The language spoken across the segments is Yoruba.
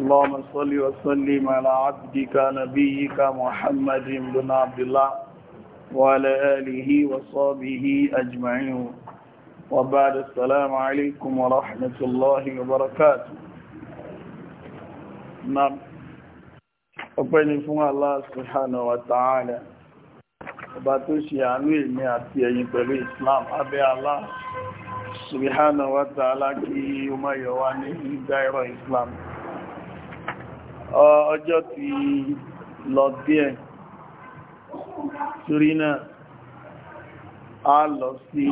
اللهم صل وسلم على عبدك نبيك محمد بن عبد الله وعلى اله وصحبه اجمعين وبعد السلام عليكم ورحمه الله وبركاته نعم اوبن فون الله سبحانه وتعالى باتوشي انوي مي ati eyin pelu islam abe allah subhanahu wa ta'ala ki umayo wa ni ọjọ́ ti lọ díẹ̀ torí náà a lọ sí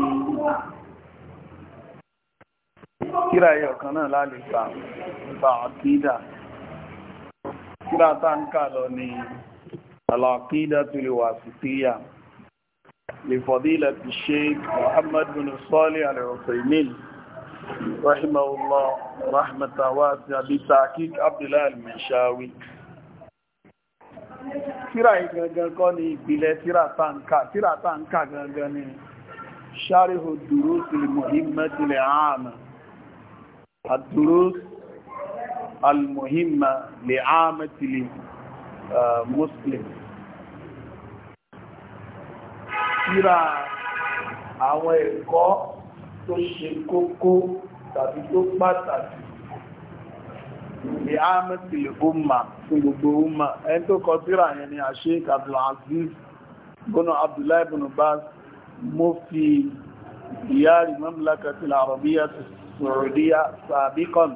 kíráyẹ ọ̀kan náà lálẹ́ta nípa àkídà kíráta ń lọ ní àlàkídà tó lè wà sí tíyà lè fọ̀dílẹ̀ ti Sheikh Muhammad bin Salih al-Uthaymeen رحمه الله رحمة واسعة بتحقيق عبد الله المنشاوي tíra ìgangan kọ́ ni ìpìlẹ̀ tíra táǹkà tíra táǹkà gangan ni ṣáríhù durusil muhimmatil aama ad-durus al-muhimma li aamatil uh, muslim tíra àwọn ẹ̀kọ́ tó ṣe kókó tàbí tó pàtàkì ní àmìtìlì umma fún gbogbo umma ẹni tó kọ síra yẹn ni Sheikh Abdulaziz bọ́nà Abdullahi ibn Baz mufti diyari mamlakatil arabiya saudiya sabiqan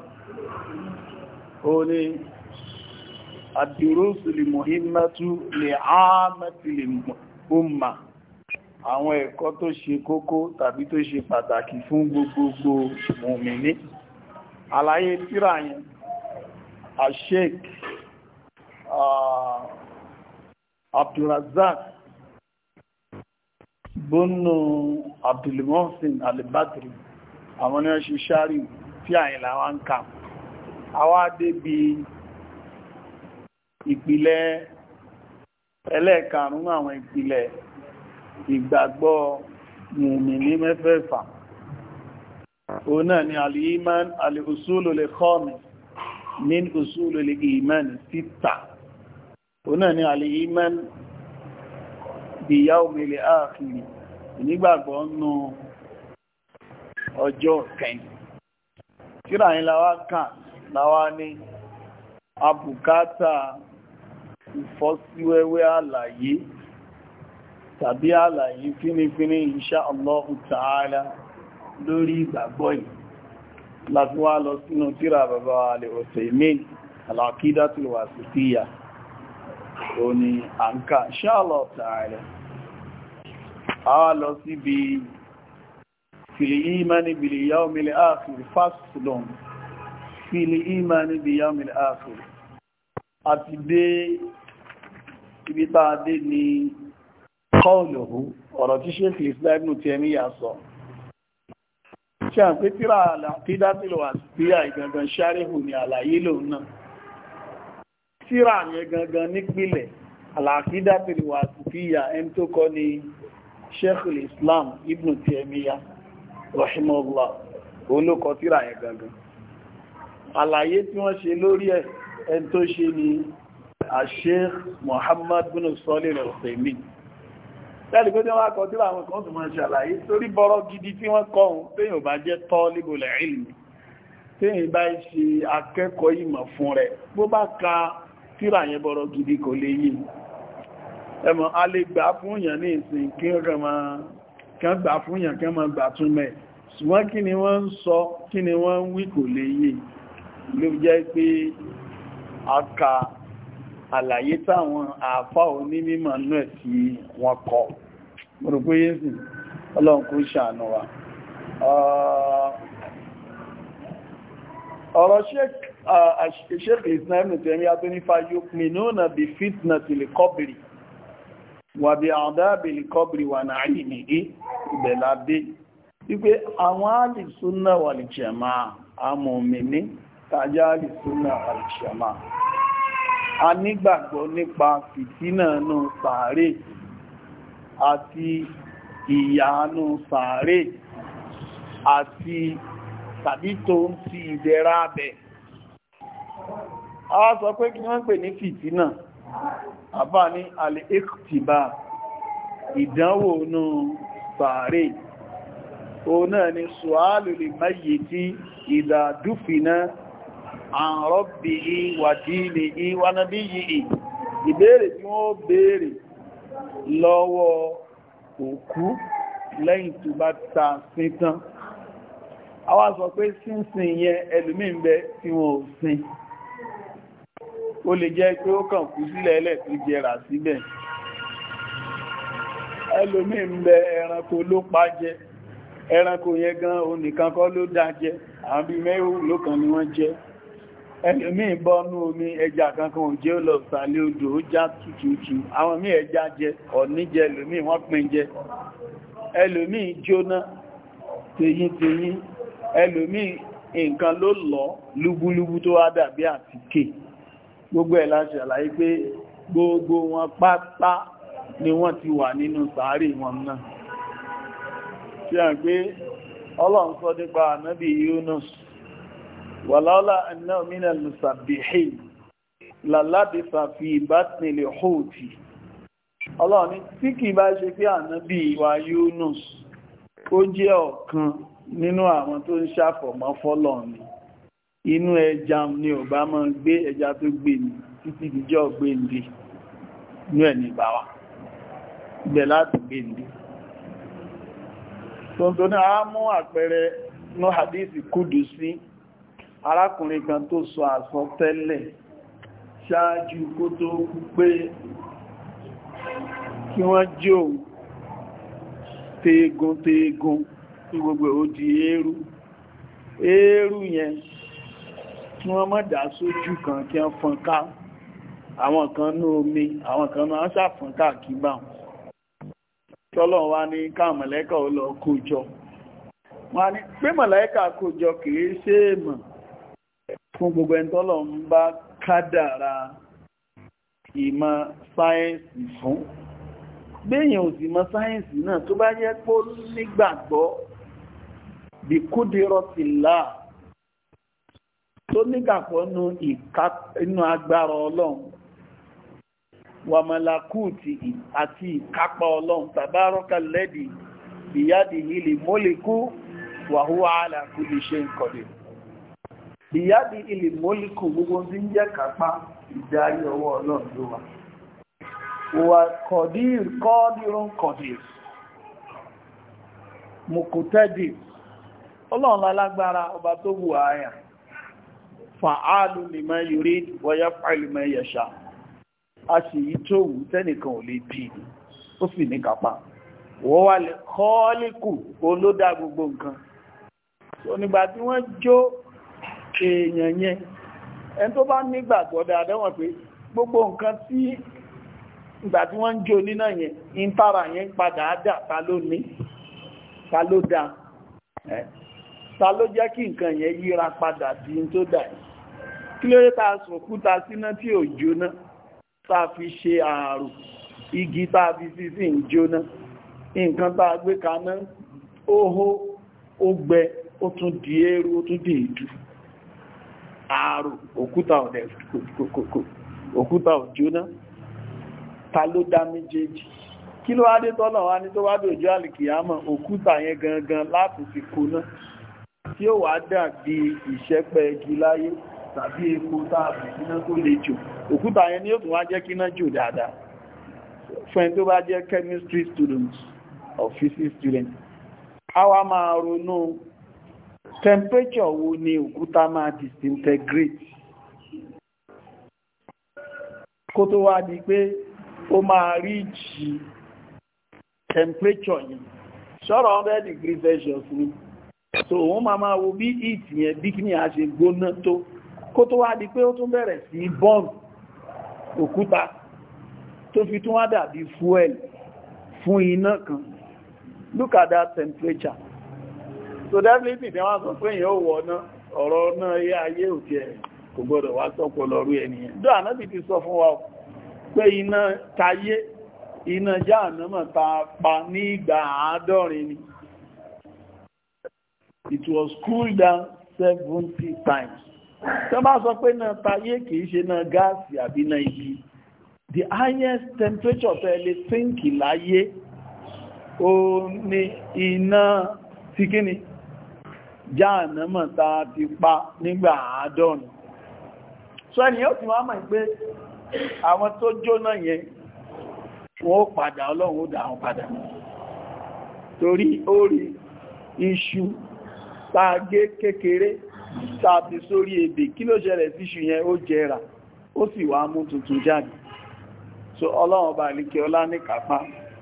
ó ní ad-durus al-muhimmatu li umma àwọn ẹ̀kọ́ tó ṣe kókó tàbí tó ṣe pàtàkì fún gbogbogbò mùmìnì àlàyé tírà yẹn ashek uh, abdulrazak bónú abdulmohsen alibatri àwọn ni wọ́n ṣe ṣáàrí tí àyìnlá wa ń kà àwa débi ìpìlẹ̀ ẹlẹ́ẹ̀karùn àwọn ìpìlẹ̀ ìgbàgbọ́ mùmìnì mẹ́fẹ̀ẹ̀fà o náà ni al-iman al-usulu al-khamis min usulu al-iman sita o náà ni al-iman bi yawmil akhir ìnígbàgbọ́ nù ọjọ́ kẹ́yìn tíra yìí láwá kàn láwá ní abùkátà ìfọ́síwẹ́wẹ́ àlàyé tàbí àlàyé fínífíní insha Allahu ta'ala lórí ìgbàgbọ́ yìí láti wá lọ sínú tírà bàbá al-Uthaymin al-Aqidatul Wasitiyya ó ní àǹkà insha Allahu ta'ala a lọ síbi fìlì ìmáni bìlì yawmil akhir fásilọ́n fìlì ìmáni bìlì yawmil akhir àti dé ibi tàà dé ni kọ́ọ̀lùhù ọ̀rọ̀ tí ṣe fi ìsìláìmù ti ẹni yà sọ ṣe à ń pé tíra àlàfídátìlò àsìpíyà ìgangan ṣáréhù ní àlàyé lòun náà tíra yẹn gangan nípìlẹ̀ àlàfídátìlò àsìpíyà ẹni tó kọ́ ni sheikhul islam ibn tiyamiya rahimahullah olókọ tíra yẹn gangan àlàyé tí wọ́n ṣe lórí ẹ̀ ẹni tó ṣe ni a muhammad bin sọ́lẹ̀ rẹ̀ ọ̀sẹ̀ lẹ́nu pé tí wọ́n kọ tí àwọn kan tó máa ṣàlàyé torí bọ́rọ̀ gidi tí wọ́n kọ́ ohun téèyàn bá jẹ́ talibul ilmi téèyàn bá ṣe akẹ́kọ̀ọ́ ìmọ̀ fún rẹ̀ bó bá ka tírà yẹn bọ́rọ̀ gidi kò lè yí ẹmọ a lè gbà fún yàn ní ìsìn kí kan gbà fún yàn kan máa gbà tún mẹ́ ṣùgbọ́n kí ni wọ́n àlàyé táwọn àfá onímọ̀ náà tí wọ́n kọ́ mo rò pé yéésì ọlọ́run kò ṣàánú wa uh, ọ̀rọ̀ ṣéèkì ìsìnàmì tẹ̀mí abẹ́nífà yóò pin ní ọ̀nà bí fitna ti lè kọ́bìrì wà bí àdábì lè kọ́bìrì wà náà yìí nìyí ìbẹ̀lábé wípé àwọn alìsúnà wà lè jẹ̀mà amòmìnì tàjá alìsúnà wà lè jẹ̀mà a nígbàgbọ́ nípa fìtínà náà pàárẹ̀ àti iyanu sàárè àti tàbí tó ń ti abẹ̀ a sọ pé kí wọ́n pè ní fìtínà àbá ní alẹ́kùtìbà ìdánwò nú sàárè òun náà ni sùálù lè máyè tí ìdàdúfìnà àrọ́bìí wàdí ní ìwánábí yìí ìbéèrè tí wọ́n lọ́wọ́ òkú lẹ́yìn tó bá ta sín tán a wá sọ pé sínsìn yẹn ẹlòmíì ń bẹ tí wọn ò sin ó lè jẹ́ pé ó kàn kú sílẹ̀ ẹlẹ̀ tó jẹrà síbẹ̀ ẹlòmíì ń bẹ ẹranko ló pa jẹ ẹranko yẹn gan òun nìkan kọ́ ló dá jẹ àwọn bíi ló kàn ni wọ́n jẹ́ ẹlòmí ìbọnú omi ẹja kankan òjé lọ sàlẹ̀ odò ó já tútùtù àwọn mí ẹja jẹ ọ̀níjẹ ẹlòmí wọ́n pín jẹ mi jóná tèyín tèyín ẹlòmí nǹkan ló lọ lúgbúlúgbú tó wá dàbí àtìkè gbogbo ẹ̀ la ṣàlàyé pé gbogbo wọn pátá ni wọ́n ti wà nínú sàárè wọn náà ṣe hàn pé ọlọ́run sọ nípa ànábì Yunus wàláwọ́lá ẹ̀nà òmìnà lùsàbìhì làlábìfà fi ìbátinilẹ̀ hóòtì ọlọ́run ní tí kì bá ṣe pé ànábì wa Yunus ó jẹ́ ọ̀kan nínú àwọn tó ń ṣàfọ̀mọ́ fọ́lọ́run inú ẹja ni ò bá máa gbé ẹja tó gbé ni títí dìjọ́ gbéǹde inú ẹ̀ ní ìbáwá gbẹ̀ láti gbéǹde tuntun náà á mú àpẹẹrẹ ní hadisi kúdùsí arákùnrin kan tó sọ àsọtẹ́lẹ̀ ṣáájú kó tó kú pé kí wọ́n jí òun teegun teegun tí gbogbo ó di eérú eérú yẹn kí wọ́n má dà sójú kan kí wọ́n fọn ká àwọn kan ní omi àwọn kan máa ṣàfọn káàkiri bá wọn tọ́lọ̀ wá ní ká mọ̀lẹ́kà ó lọ kójọ wọ́n á ní pé mọ̀lẹ́kà kójọ kìí ṣe é mọ̀ fún gbogbo ẹni tọ́lọ̀ ń bá kádàrà ìmọ̀ sáyẹ́ǹsì fún gbéyàn ò sì mọ̀ sáyẹ́ǹsì náà tó bá yẹ pó nígbàgbọ́ bí kúdírọ̀tìlá tó nígbàgbọ́ inú agbára ọlọ́run wàmàlàkùtì àti ìkápá ọlọ́run tàbárọ́kà lẹ́dì ìyádìí ilẹ̀ mólèkú wàhúwà ala kulli shay'in qadir ìyáàdì ilẹ̀ mọ́líkù gbogbo tí ń jẹ́ kápá ìdarí ọwọ́ ọlọ́run ló wà wà kọ̀dír kọ́dírún kọ̀dír mùkútẹ́dì ọlọ́run alágbára ọba tó wù ààyà fàálù lima yurid wọ́yá fàálù ma yasha a sì yí tó wù tẹ́nìkan ò lè dì ó sì ní kápá wọ́n wà lè kọ́ọ́líkù olódà gbogbo nǹkan onígbà tí wọ́n jó èèyàn yẹn ẹni tó bá nígbàgbọ́ dáadáa wọ́n pé gbogbo nǹkan tí ìgbà tí wọ́n ń jó níná yẹn ń tààrà yẹn padà dà ta ló ní ta ló dá jẹ́ kí nǹkan yẹn yíra padà sí tó dà yìí kí ló dé ta sòkúta síná tí ò jóná ta fi ṣe ààrò igi tá a fi sí sí ń jóná nǹkan tá a gbé kaná ó hó ó gbẹ ó tún di eérú ó tún di ìdú ààrò òkúta ọ̀dẹ̀ òkúta òjóná ta ló dá méjèèjì kí ló wá dé tọ́lọ̀ wá ní tó wá dòjú àlìkìyàmọ̀ òkúta yẹn gangan láti fi kóná tí ó wà dàbí ìṣẹ́pẹ́ igi láyé tàbí epo táàbù iná tó lè jò òkúta yẹn ni ó tún wá jẹ́ kí iná jò dáadáa fún ẹni tó bá jẹ́ chemistry students or physics students a wá máa ronú temperature wo ni òkúta máa disintegrate kó tó wá di pé ó máa reach temperature yìí sọ̀rọ̀ 100 degree celsius ni so òun máa máa wo bí heat yẹn bí kí ni a ṣe gbóná tó kó tó wá di pé ó tún bẹ̀rẹ̀ sí bọ́ọ̀n òkúta tó fi tún wá dàbí fuel fún iná kan look at that temperature so definitely tí wọ́n sọ pé èyàn ò wọ̀ náà ọ̀rọ̀ náà yé ayé òkè kò gbọ́dọ̀ wá sọ́pọ̀ lọ́rú ẹniyàn dọ́ ànábì ti sọ fún wa pé iná tayé iná jáànámọ̀ ta pa ní ìgbà àádọ́rin ni it was cooled down seventy times tó bá sọ pé náà tayé kìí ṣe náà gáàsì àbí náà igi the highest temperature tẹ́ lè sínkì láyé ó ní iná tí kíni jáànámọ̀ ta ti pa nígbà àádọ́rùn so ẹni yóò ti máa mọ̀ pé àwọn tó jóná yẹn wọ́n padà ọlọ́run ó dá wọn padà torí ó rí iṣu tàgé kékeré tàbí sórí ebè kí ló ṣẹlẹ̀ sí iṣu yẹn ó jẹrà ó sì wá mú tuntun jáde so ọlọ́run ọba àlíkẹ́ ọlá ní kápá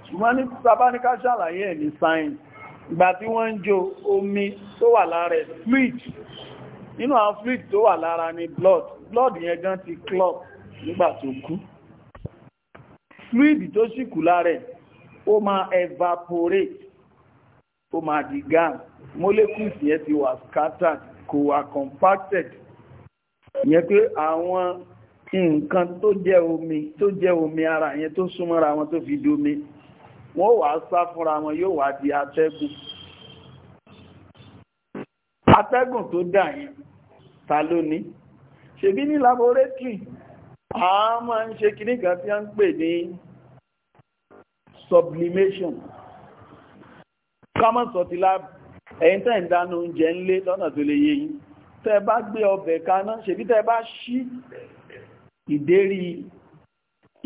ṣùgbọ́n ní sábáníká ṣàlàyé ìgbà tí wọ́n ń jó omi tó wà lára ẹ̀ fluid nínú àwọn fluid tó wà lára ni blood blood yẹn gan ti clot nígbà tó kú fluid tó sì kù lára ẹ̀ ó máa evaporate ó máa di gas molecules yẹn ti wà scattered kò wà compacted ìyẹn pé àwọn nǹkan tó jẹ́ omi tó jẹ́ omi ara yẹn tó súnmọ́ra wọn tó fi di omi wọ́n wà sá fúnra wọn yóò wà di atẹ́gùn atẹ́gùn tó dà yẹn ta ló ní ṣebí ní laboratory a máa ń ṣe kìíní kan tí a ń pè ní sublimation common sọ ti lab ẹ̀yin tẹ́ ń dáná oúnjẹ ń lé lọ́nà tó lè yé yín tẹ́ bá gbé ọbẹ̀ kaná ṣebí tẹ́ bá ṣí ìdérí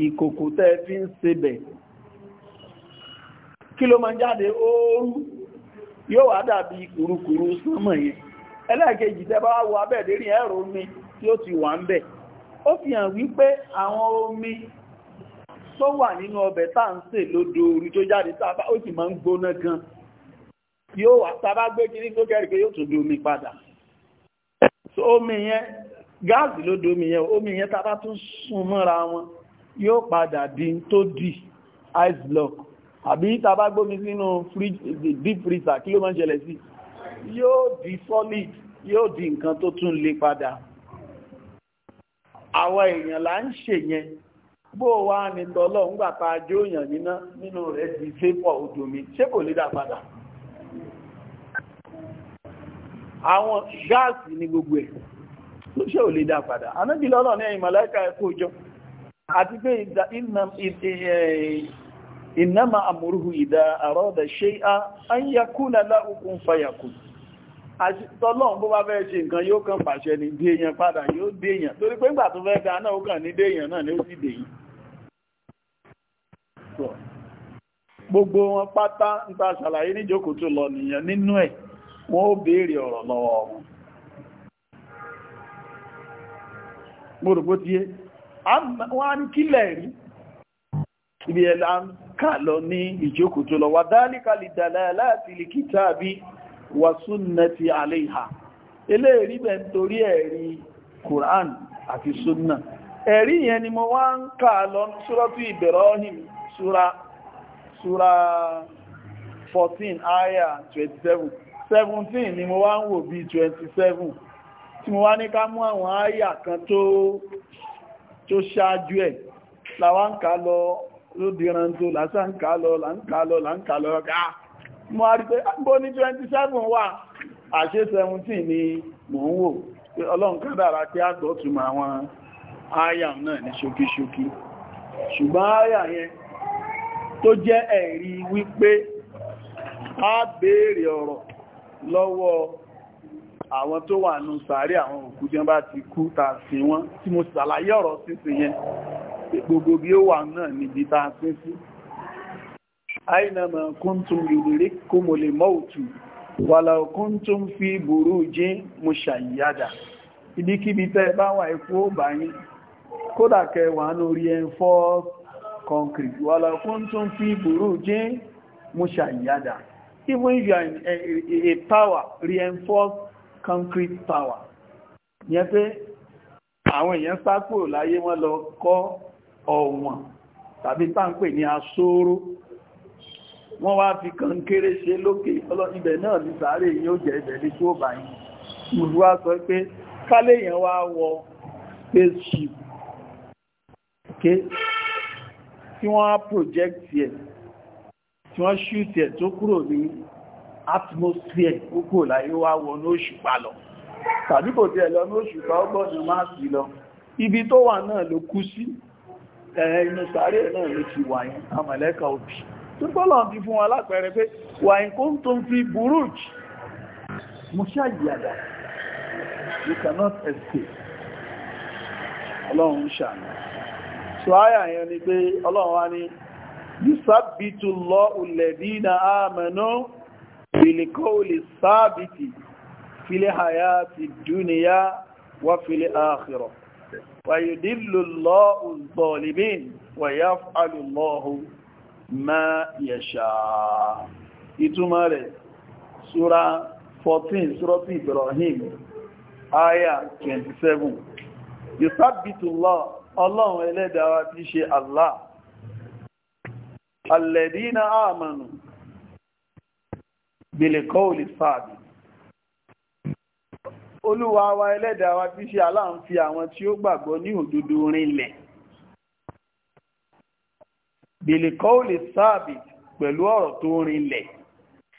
ìkòkò tẹ́ fi ń sebẹ̀ kí ló máa jáde ooru yóò wá dàbí kùrukùru sánmọ̀ yẹn ẹlẹ́ẹ̀kejì tẹ́ bá wo abẹ́ẹ̀dẹ́rìn ẹ̀rọ omi tí ó ti wà ń bẹ̀ ó fi hàn wípé àwọn omi tó wà nínú ọbẹ̀ tá ń sè lódò orí tó jáde tábá ó sì máa ń gbóná gan yóò wà tábá gbé kiri tó kẹ́rì pé yóò tún do omi padà so omi yẹn gáàsì ló do omi yẹn omi yẹn tábá tún sún mọ́ra wọn yóò padà di tó di ice block àbí tá bá gbómi sínú deep freezer kí ló máa ń ṣẹlẹ̀ sí yóò di solid yóò di nǹkan tó tún lè padà àwọn èèyàn là ń ṣe yẹn bó wá ní tọ́lọ̀ ńgbà ta jó èèyàn níná nínú rẹ̀ ti ṣe pọ̀ odò mi ṣé kò lè dà padà àwọn gáàsì ní gbogbo ẹ̀ ló ṣe ò lè dà padà anábìlọ́lọ́ ní ẹ̀yìn màláìka ẹ̀kọ́ òjò àti pé ìdá إنما أمره إذا ịda arọ أن يكون له كن فيكون Àṣìtọ́lọ́n bó bá fẹ́ ṣe nǹkan yóò kan pàṣẹ ní dé padà yóò dé torí pé ìgbà tó fẹ́ náà ó kàn ní náà ó sì Gbogbo wọn pátá ń ta ṣàlàyé lọ nìyàn nínú ẹ̀ wọ́n ó béèrè ọ̀rọ̀ lọ́wọ́ wọn. wọ́n á ní kà lọ ní ìjókòó tó lọ wà dáálíkàlì dalalati li kitabi wa sunnati alayha eléèrí bẹ̀ ń torí ẹ̀rí Qur'an àti sunna ẹ̀rí yẹn ni mo wá ń kà lọ ní suratu Ibrahim sura sura 14 aya 27 17 ni mo wá ń wò bí 27 tí mo wá ní ká mú àwọn aya kan tó ṣáájú ẹ̀ làwọn ń kà lọ ló dìran tó lásà ń ká lọ là ń a rí pé ah, bó ní 27 wà àṣẹ 17 ni mò ń wò pé ọlọ́run kádàrá pé àgbọ̀ túnmọ̀ àwọn àyà náà ní ṣókíṣókí ṣùgbọ́n àyà yẹn tó jẹ́ ẹ̀rí wípé a béèrè ọ̀rọ̀ lọ́wọ́ àwọn tó wà nù sàárè àwọn òkú jẹ́ bá ti kú ta sí wọn tí mo ṣàlàyé ọ̀rọ̀ sínsìn yẹn gbogbo bí ó wà náà níbi tá a pín sí àìnàmà kúntùm ìrírí kó mo lè mọ́ọ̀tù wàlà kúntùm fi burú jí mo ṣàyíyádà ibikíbi tẹ́ bá wà ikú ó bá yín kódà kẹwàá lórí ẹnfọ́ concrete wala kúntùm fi burú jí mo ṣàyíyádà even if you are a, a, a tower reinforced concrete power yẹn pé àwọn èèyàn sá kúrò láyé wọ́n lọ kọ́ ọ̀wọ̀n tàbí táǹpẹ̀ ní asóró wọ́n wá fi kànkéré ṣe lókè ibẹ̀ náà ní sàárè yìí ó jẹ́ ibẹ̀ ní tó bá yìí mùsùn wá sọ pé kálẹ̀ èèyàn wá wọ spaceship tí wọ́n á project ẹ̀ tí wọ́n shoot ẹ̀ tó kúrò ní atmosphere ó kúrò láyé wá wọ ní òṣùpá lọ tàbí kò tí ẹ̀ lọ ní òṣùpá ó gbọ́dọ̀ máa sí lọ ibi tó wà náà ló kú sí inú sàárè náà ló ti wà yẹn àmọ̀lẹ́kà òbí tó gbọ́lọ̀ ti fún wọn lápẹẹrẹ pé wà ń kó tó ń fi burúj mú ṣàyàdà you cannot escape ọlọ́run ṣàmì so àyà yẹn ni pé ọlọ́run wá ní yùsàbìtù lọ ulẹ̀bí na àmẹ́nú ìlẹ̀kọ́ olè sáàbìtì fil hayati dúnìyà wà fil akhirah ويدل الله الظالمين ويفعل الله ما يشاء ìtumọ̀ rẹ̀ súra 14 súrọ́tí Ibrahim aya 27 yùsábìtù lọ ọlọ́run ẹlẹ́dàá tí ṣe Allah alẹ́dínà àmànù bèlèkọ́ olùsáàbì olúwa wa ẹlẹ́dàá wa tí ṣe Allah ń fi àwọn tí ó gbàgbọ́ ní òdodo rinlẹ̀ bèlèkọ́ lè sáàbì pẹ̀lú ọ̀rọ̀ tó rinlẹ̀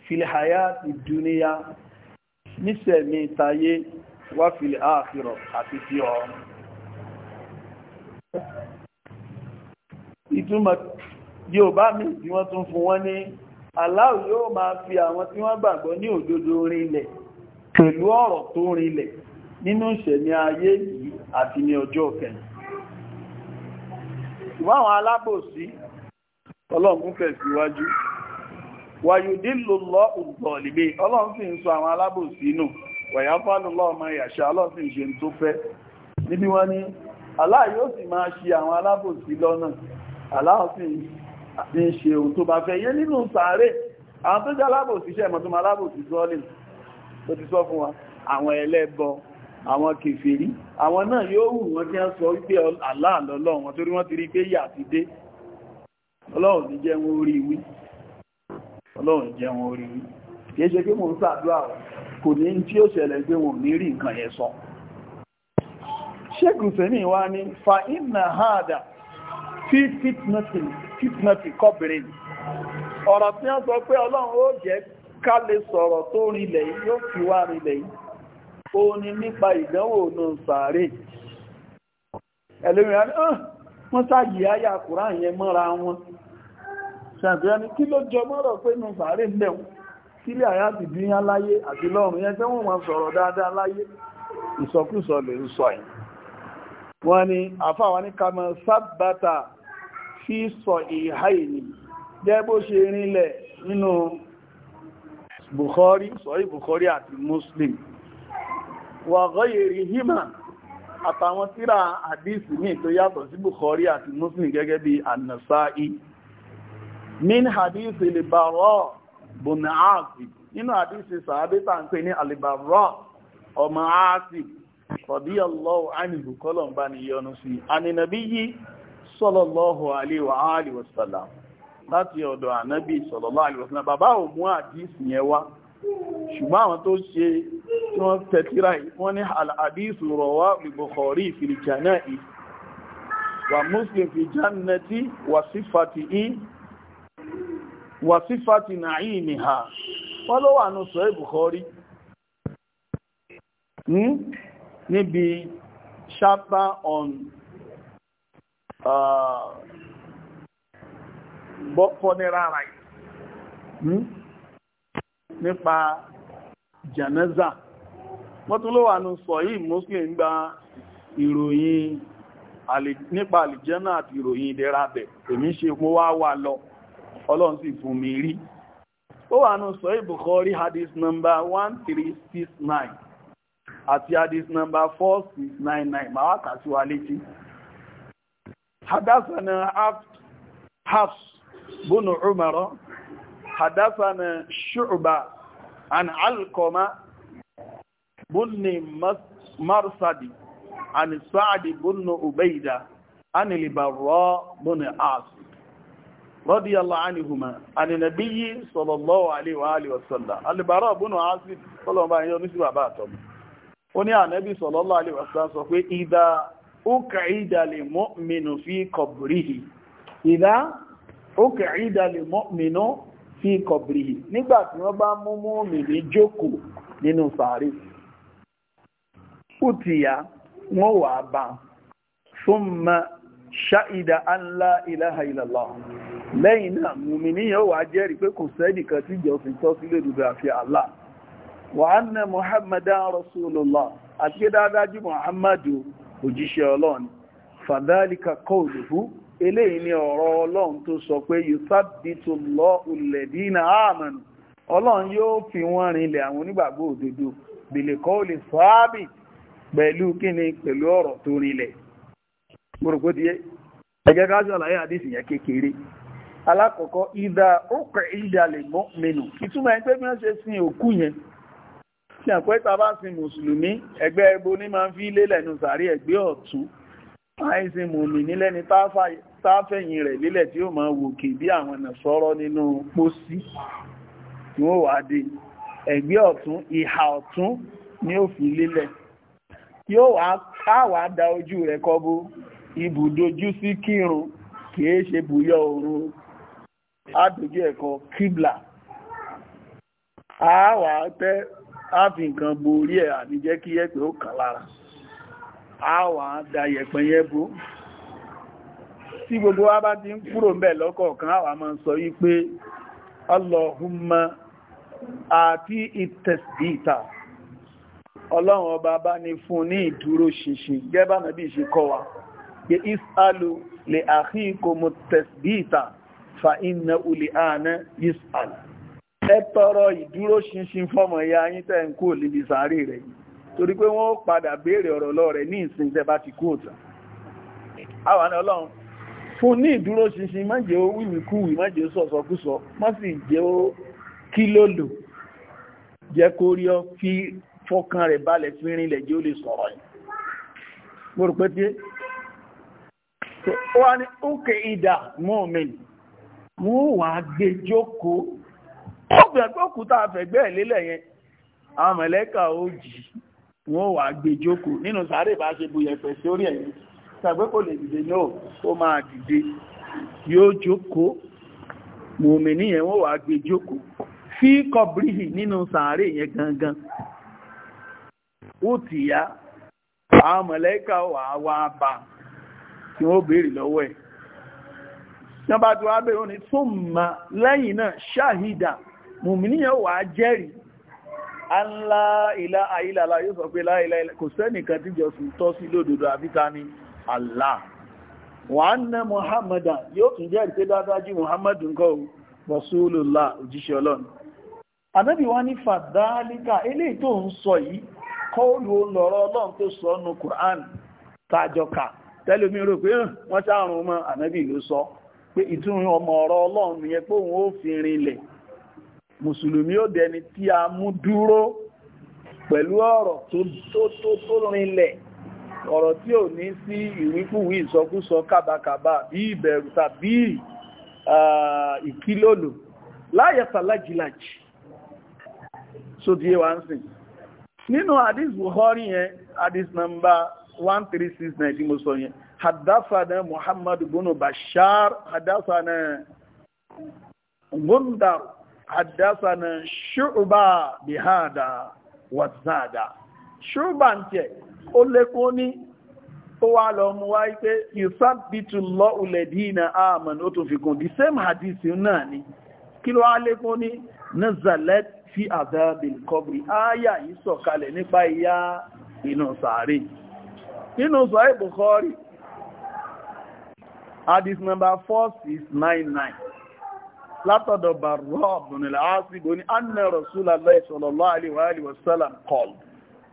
filhaya ti dúníyà nísẹ̀mí tayé wá filẹ̀ ààfihàn àti ti ọ̀run ìtumọ̀ Yorùbá mi tí wọ́n tún fún wọn ní Allah yóò máa fi àwọn tí wọ́n gbàgbọ́ ní òdodo rinlẹ̀ pẹ̀lú ọ̀rọ̀ tó rinlẹ̀ nínú ìṣẹ̀mí ayé yìí àti ní ọjọ́ kẹyìn ìwáwọn alábòsí ọlọ́run fẹ̀síwájú wàyùdílò lọ ìgbọ̀lìmí ọlọ́run sì ń sọ àwọn alábòsí nù wàyá ìyàṣà ọlọ́run ń ṣe Allah yóò sì máa ṣe àwọn alábòsí lọ́nà Allah sì ń ṣe ohun tó bá fẹ́ yé nínú sàárè àwọn tó jẹ́ alábòsí ṣẹ̀mọ̀ tó ó ti sọ fún wa àwọn ẹlẹ́bọ àwọn kèfèrí àwọn náà yóò wọ́n tí sọ wípé wọn torí wọ́n ti rí pé yà ti dé ọlọ́run ní jẹ́ wọn orí wí ọlọ́run jẹ́ wọn orí wí ṣe pé mo ń ṣàdúrà kò ní tí ó ṣẹlẹ̀ pé wọn ní rí nǹkan yẹn sọ ṣékùn sẹ́ni wá ní fa inna hada fi fitnati kọbìnrin ọ̀rọ̀ tí wọ́n sọ pé ọlọ́run ó jẹ́ ká lè sọ̀rọ̀ tó rinlẹ̀ yóò fi wá rinlẹ̀ o ni nípa ìdánwò náà sàárè ẹlẹ́rìn àrí ah, wọ́n sáàyè ayà kùrá yẹn mọ́ra wọn ṣàbíyàn kí ló jọ mọ́rọ̀ pé nù sàárè àyà ti bí yán láyé àti lọ́run yẹn tẹ́ wọ́n wọ́n sọ̀rọ̀ dáadáa láyé ìsọkúsọ lè ń sọ yìí wọ́n ní kamọ́ fi sọ ìhá ìní jẹ́ bó ṣe rinlẹ̀ bukhari sọ́yí bukhari àti muslim wà gọ́yẹ̀rí hima àtàwọn tíra àdísì ní tó yàtọ̀ sí bukhari àti muslim gẹ́gẹ́ bí annasa'i min hadisi libara bùnà áàtì nínú àdísì sàábítà ń pè ní alibara ọmọ áàtì radiyallahu anhu kọlọ̀mbá ni yọnu sí aninabi yí sallallahu alaihi wa alihi láti ọ̀dọ̀ ànábì sallallahu alaihi wasallam bàbá ò mú àdísì yẹn wá ṣùgbọ́n àwọn tó ṣe tí wọ́n tẹ̀tíra wọ́n ní àdísì rọ̀wá Bukhari fil jana'i wà Muslim fi jannati wà sífàtì í wà sífàtì na'imiha wọ́n funeral right hmm? nípa janaza wọ́n tún ló wà ní sọ yìí muslim gba ìròyìn nípa àlìjẹ́nà àti ìròyìn ìdẹ̀ra bẹ̀ èmi ṣe mú wá wà lọ ọlọ́run sì fún mi rí ó wà ní sọ ìbùkọ́rí hadith number 1369 àti hadith number 4699 máa wákàtí wa létí hadasana hafs بن عمر حدثنا شعبة عن علقمة بن مرصد عن سعد بن عبيدة عن البراء بن عاصم رضي الله عنهما عن النبي صلى الله عليه وآله وسلم البراء بن عاصم صلى الله عليه وسلم oni ànábì النبي صلى الله عليه pé ìdá ó kàídà lè mọ́ mẹ́nu fi kọ̀bùrí ìdá ó kẹ̀rí ìdálẹ̀ mọ́mìnà fi kọ̀bìrì nígbà tí wọ́n bá mú mọ́mìnì jókòó nínú sàárè kùtìyà wọ́n wà bá súnmà ṣáìdà anlá ìlàhà ìlàlá lẹ́yìn náà mùmìnì yóò wà jẹ́rìí pé kò sẹ́nìkan tí jọ́sìn tọ́ sílẹ̀ dùdú àfi Allah wa muhammadan rasulullah àti dáadájú muhammadu òjíṣẹ́ ọlọ́run fàdálíkà kọ́ òdòfú eléyìí ni ọ̀rọ̀ ọlọ́run tó sọ pé Yusuf lọ ulẹ̀dínà àmànù ọlọ́run yóò fi wọ́n rinlẹ̀ àwọn onígbàgbọ́ òdodo bèlèkọ́ olè fàábì pẹ̀lú kíni pẹ̀lú ọ̀rọ̀ tó rinlẹ̀ alákọ̀ọ́kọ́ ìdá òkè mọ́ mẹ́nu ẹgbẹ́ bí wọ́n ṣe sin òkú yẹn tí bá sin mùsùlùmí ẹgbẹ́ máa ń fi lélẹ̀ nù sàárì ẹgbẹ́ ọ̀tún mùmí nílẹ́ni táfẹ̀yìn rẹ̀ lílẹ̀ tí ó máa wòkè bí àwọn ọ̀nà sọ́rọ́ nínú pósí tí ó wà dé ẹgbẹ́ ọ̀tún ìhà ọ̀tún ni ó fi lílẹ̀ yóò wá káwàá dá ojú rẹ̀ kọ́bú ibùdójú sí kírun kìí ṣe bùyọ oòrùn ẹ̀kọ́ kíblà àwà tẹ́ àfi nǹkan borí ẹ̀ kí ó lára àwà yẹ̀pẹ̀ tí gbogbo wa bá ti ń kúrò ń bẹ̀ lọ́kọ̀ọ̀kan àwa máa sọ yí pé Allahumma àti ìtẹ̀síta ọlọ́run ọba bá ní fún ní ìdúró ṣinṣin gẹ́bà nàbí ṣe kọ́ wa pé isalu lè àkíkò mú tẹ̀síta fa iná ulè àná isalu ẹ tọrọ ìdúró ṣinṣin fọ́mọ ya yín tẹ́ ń kó lè sáré rẹ̀ torí pé wọ́n padà béèrè ọ̀rọ̀ lọ ní ìsìn bá ti kú òtà àwọn ọlọ́run fún ní ìdúró ṣinṣin má jẹ́ ó wìmìkúwì má jẹ́ ó sọ̀sọ̀kúsọ má sì jẹ́ ó kí lòlò jẹ́ kó rí ọ fi fọkàn rẹ̀ balẹ̀ fi rinlẹ̀ jẹ́ ó lè sọ̀rọ̀ yìí mo rò pé tí ó wá ní ókè ìdà mọ́ọ̀mìn mo wà gbé jókòó ó gbẹ̀gbẹ́ òkúta àfẹ̀gbẹ́ ẹ̀ yẹn àwọn ó jì wọ́n wà gbé jókòó nínú sàárè bá ṣe bu yẹ̀pẹ̀ sórí ẹ̀yìn tàbí kò lè dìde náà ó máa dìde yóò jókòó mùmí níyẹn wọ́n wà gbé jókòó fí kọbríhì nínú sàárè yẹn gangan ó ti yá àwọn mọ̀lẹ́kà wà wá bá tí wọ́n béèrè lọ́wọ́ ẹ̀ wọ́n bá ti wá bẹ̀rẹ̀ òní tó mà lẹ́yìn náà ṣáhìdà mùmí níyẹn wà jẹ́rìí Allah ilá àìlàlá yóò sọ pé láìláìlá kò sẹ́nìkan tíjọ sùn tọ́ sí lódodo àbíta ni Allah wàánà Muhammadu yóò tún jẹ́ ìpé dáadájú Muhammadu nǹkan o Rasulullah òjíṣẹ́ ọlọ́run anábì wá ní fàdálíkà eléyìí tó ń sọ yìí kọ́ọ̀lù olọ́rọ̀ ọlọ́run tó sọ ọ́nù Quran tàjọkà rò pé wọ́n ọ̀rọ̀ tí ò ní sí ìwífúwí ìsọkúsọ kábàkàbà bí ìbẹ̀rù tàbí ìkílòlò láyẹ̀sà lájìlájì so di ewa ń sìn nínú hadith buhari yẹn hadith number 1369 tí mo sọ yẹn hadafana muhammad bashar hadafana gundar hadafana shu'ba bihada wazada ṣúgbà ń tẹ̀ ó lékún ní ó wá lọ mú wá pé yusabitu lọ ulẹ̀dínà àmàn ó tún fi kún the same hadith náà ni kí ló wá lékún ní nazalet fi azabil kọbri ááyà yìí sọ̀kalẹ̀ nípa ìyà inú sàárè nínú sọ̀rọ̀ Bukhari hadith number 4699 látọ̀dọ̀ bàrọ̀ ọ̀bùnilá ásìgbò ní anna rasulallah sallallahu alaihi wa sallam qala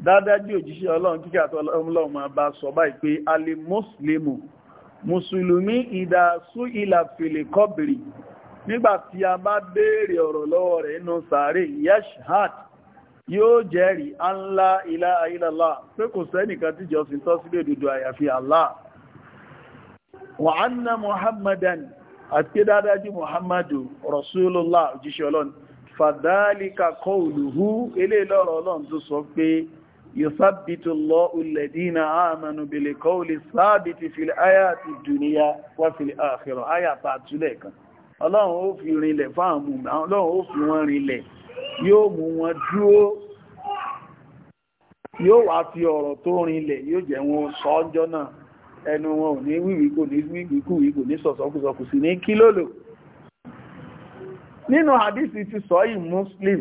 dáadájú òjíṣẹ́ ọlọ́run kíkẹ́ àtọ́lọ́run máa bá sọ báyìí pé alẹ́ mùsùlùmù mùsùlùmí ìdású ìlà fèlè kọ́bìrì nígbàtí a bá béèrè ọ̀rọ̀ lọ́wọ́ rẹ̀ inú sàárè yashhad yóò jẹ́rìí anlá ilá ayílálá pé kò sẹ́nìkan tí jọsìn tọ́ sílé dúdú àyàfi Allah wa anna muhammadan àti dáadájú muhammadu rasulullah òjíṣẹ́ ọlọ́run fàdálíkà kọ́ òlùhú eléèlọ́rọ̀ ọlọ́run tó sọ pé يثبت الله الذين آمنوا بالقول الثابت في الآيات الدنيا وفي الآخرة آيات àtúlẹ̀kan ọlọ́run ó fi rinlẹ̀ fáwọn mùmí ọlọ́run ó fi wọn rinlẹ̀ yóò mú wọn dúró yóò wá fi ọ̀rọ̀ tó rinlẹ̀ yóò jẹ́ wọn sọ́ọ́jọ́ náà ẹnu wọn ò ní wíwí kò ní wíwí kúwí kò ní sọ̀sọ́kùsọ kò sí ní kílòlò nínú hadisi ti sọ́yìn muslim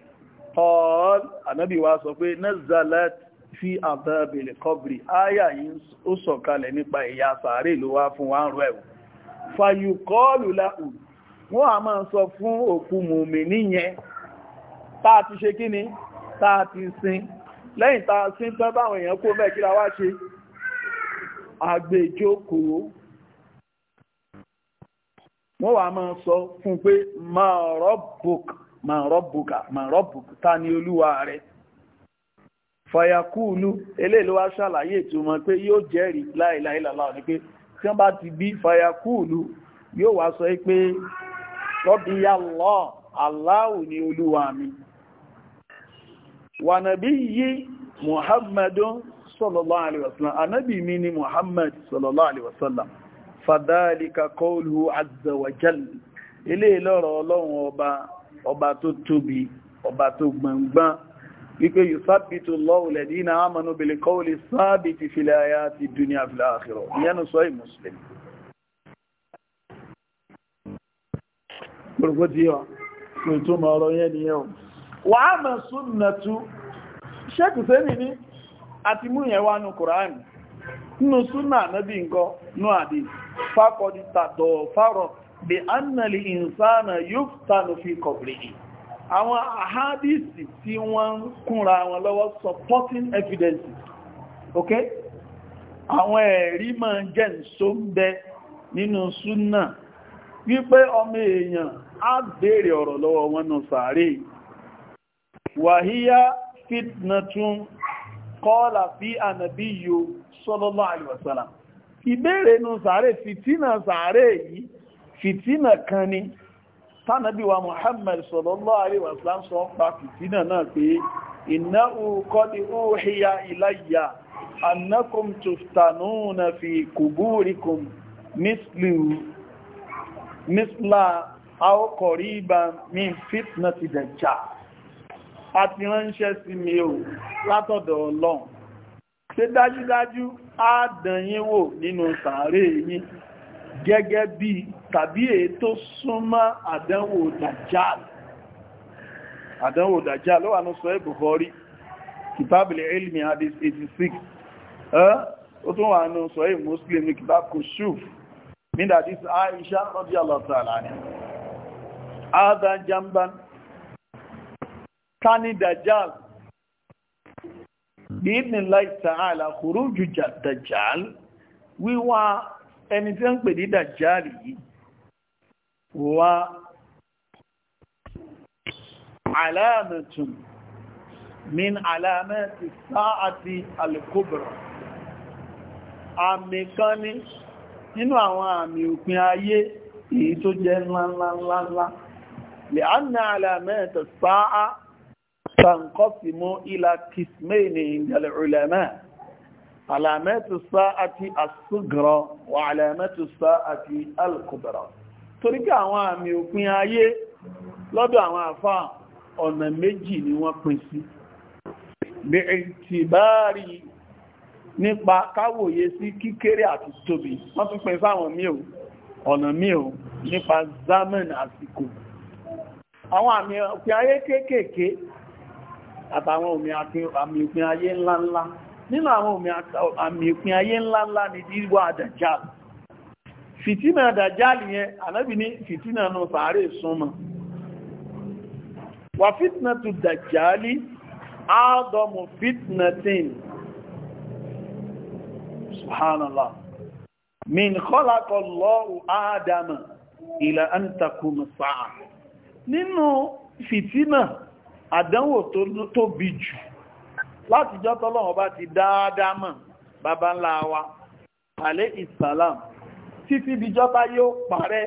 paul anábì wa sọ pé nazalat fi àbábẹ̀lẹ̀ kọbìrì áyà yìí ó sọ̀kalẹ̀ nípa ìyà sàárè ló wá fún wa ń rọ ẹ̀wọ̀ fàyùkọ́ọ̀lù láhù wọ́n a máa sọ fún òkú mùmí níyẹn táà ti ṣe kí ni táà ti sin lẹ́yìn táà sin tán báwọn èèyàn kó mẹ́kíra wá ṣe agbèjókòó e wọ́n wà máa sọ fún pé máa rọ́ man rọ́bùkà man rọ́bùkà ta ni olúwa rẹ̀ fàyàkúùlù eléyìí ló wá ṣàlàyé ìtumọ̀ pé yóò jẹ́rìí láìláì làlá ní pé tí wọ́n bá ti bí fàyàkúùlù yóò wá sọ pé rọ́bì yá lọ́ aláwù ni olúwa mi wà nàbí yí muhammadun sallallahu alaihi wasallam anabi mi ni muhammad sallallahu alaihi wasallam fadhalika ọba tó tóbi ọba tó gbọ̀ngbọ́n wípé yùsábìtò lọ́wọ́lẹ̀ dínà àmànú bèlè kọ́wọ́lẹ̀ sábìtì filẹ̀ ayá ti dúnìyà filẹ̀ àkìrọ̀ ìyẹnu sọ ìmùsùlùm gbogbo tí yọ kò tó mọ ọ̀rọ̀ yẹn nìyẹn o wà á mọ̀ súnnà tú bí annali insana yuftanu fi qabrihi àwọn àhádìsì tí wọ́n ń kúnra wọn lọ́wọ́ supporting evidence ok àwọn ẹ̀rí máa jẹ́ ǹsó ń bẹ nínú súnnà wípé ọmọ èèyàn á bèèrè ọ̀rọ̀ lọ́wọ́ wọn nù sàárè wàhíyá fitnatun kọ́ọ̀lá fi ànàbí yóò sallallahu alaihi wasallam ìbéèrè nù sàárè fìtínà sàárè yìí fìtínà kan ni tánàbí wa Muhammad sallallahu alaihi wasallam sọ pa fìtínà náà pé innahu qad uhiya ilayya annakum tuftanuna fi kuburikum misla aw qariban min fitnati dajjal àti ránṣẹ́ sí mi ò látọ̀dọ̀ ọlọ́run ṣe dájúdájú á dán wò nínú sàárè yín gẹ́gẹ́ bí tàbí èyí tó súnmọ́ àdánwò dajjal àdánwò dajjal ló wà ní sọ ìbùkọ́rí kìtàbìlì ilmi hadith 86 ó tún wà ní sọ ì muslim ní kìtàb kushuf min hadith aisha radiyallahu ta'ala anha adha jamban kani dajjal bí ìdínláì ta'ala khuruju dajjal wíwá ẹni tí ó ń pè ní dàjáàlì yìí wà aláàmẹ́tùn min aláàmẹ́tì sáàtì alìkóbìrà àmì kan ní nínú àwọn àmì òpin ayé èyí tó jẹ́ ńláńláńláńlá lè á ní aláàmẹ́tì sáà tàǹkọ́sìmọ́ ilá kìsmẹ́ ní ìjẹ̀lẹ̀ ìrìnlẹ̀mẹ́ alamẹ́tù sáàtì asúgọ̀rọ̀ wà alamẹ́tù sáàtì alkùbẹ̀rọ̀ torí pé àwọn àmì òpin ayé lọ́dọ̀ àwọn àfá ọ̀nà méjì ni wọ́n pín sí bí ìtìbáàrí nípa káwòye sí kíkéré àti tóbi wọ́n tún pín sáwọn míò ọ̀nà míò nípa zaman àsìkò àwọn àmì òpin ayé kéékèèké àtàwọn àmì òpin ayé ńláńlá nínú àwọn àmì ìpín ayé ńláńlá ni díwá àdàjáàlì fìtínà àdàjáàlì yẹn ànábì ní fìtínà nù sàárè súnmọ́ wà fìtínà tó dàjáàlì áàdọ̀mù fìtínà tíìn subhanallah min khalaqallahu ádámà ìlà àǹtakùnmù sáà nínú fìtínà àdánwò tó tóbi jù láti jọ́ tọ́lọ́wọ́ bá ti dáadáa mọ̀ bàbá ńlá wa alẹ́ ìsàlám títí bíjọ́ta yóò parẹ́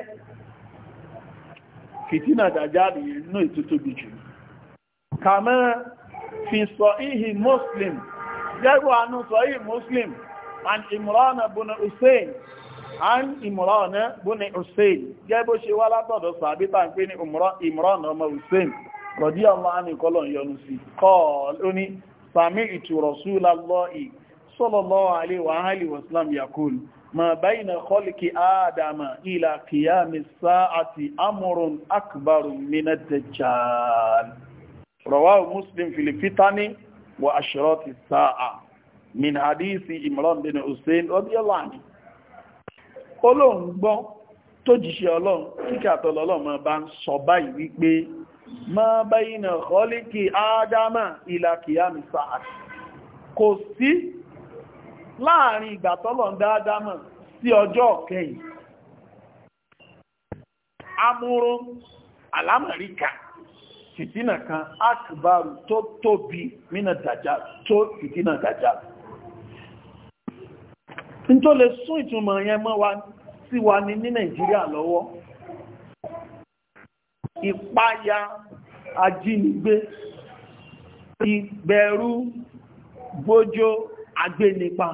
fìtínà dàjáàlì inú ìtútù bí jù kàmẹ́ fi sọ ihi muslim jẹ́rù anú sọ ihi muslim an imran bin hussein an imran hussein jẹ́ bó ṣe wá látọ̀dọ̀ sàbítà ń pè سمعت رسول الله صلى الله عليه وآله وسلم يقول ما بين خلق آدم إلى قيام الساعة أمر أكبر من الدجال رواه مسلم في الفتن وأشراط الساعة من حديث إمران بن حسين رضي الله عنه Ọlọ́run gbọ́ tó jíṣẹ́ Ọlọ́run kíkà tọ́lọ́lọ́ máa bá ń sọ báyìí wípé ma bẹ́yìnà kọ́líkì ádámà ìlà kìyàmì sáà kò sí láàrin ìgbà tọ́lọ̀ ń dá ádámà sí ọjọ́ kẹyìn amúrú alámàríkà fìtínà kan akbaru tó tóbi mínà dàjà tó fìtínà dàjà ní tó lè sún ìtumọ̀ yẹn mọ́ wa sí wa ní ní Nàìjíríà lọ́wọ́ ìpáyà ajínigbé ìbẹ̀rù gbójó agbénipa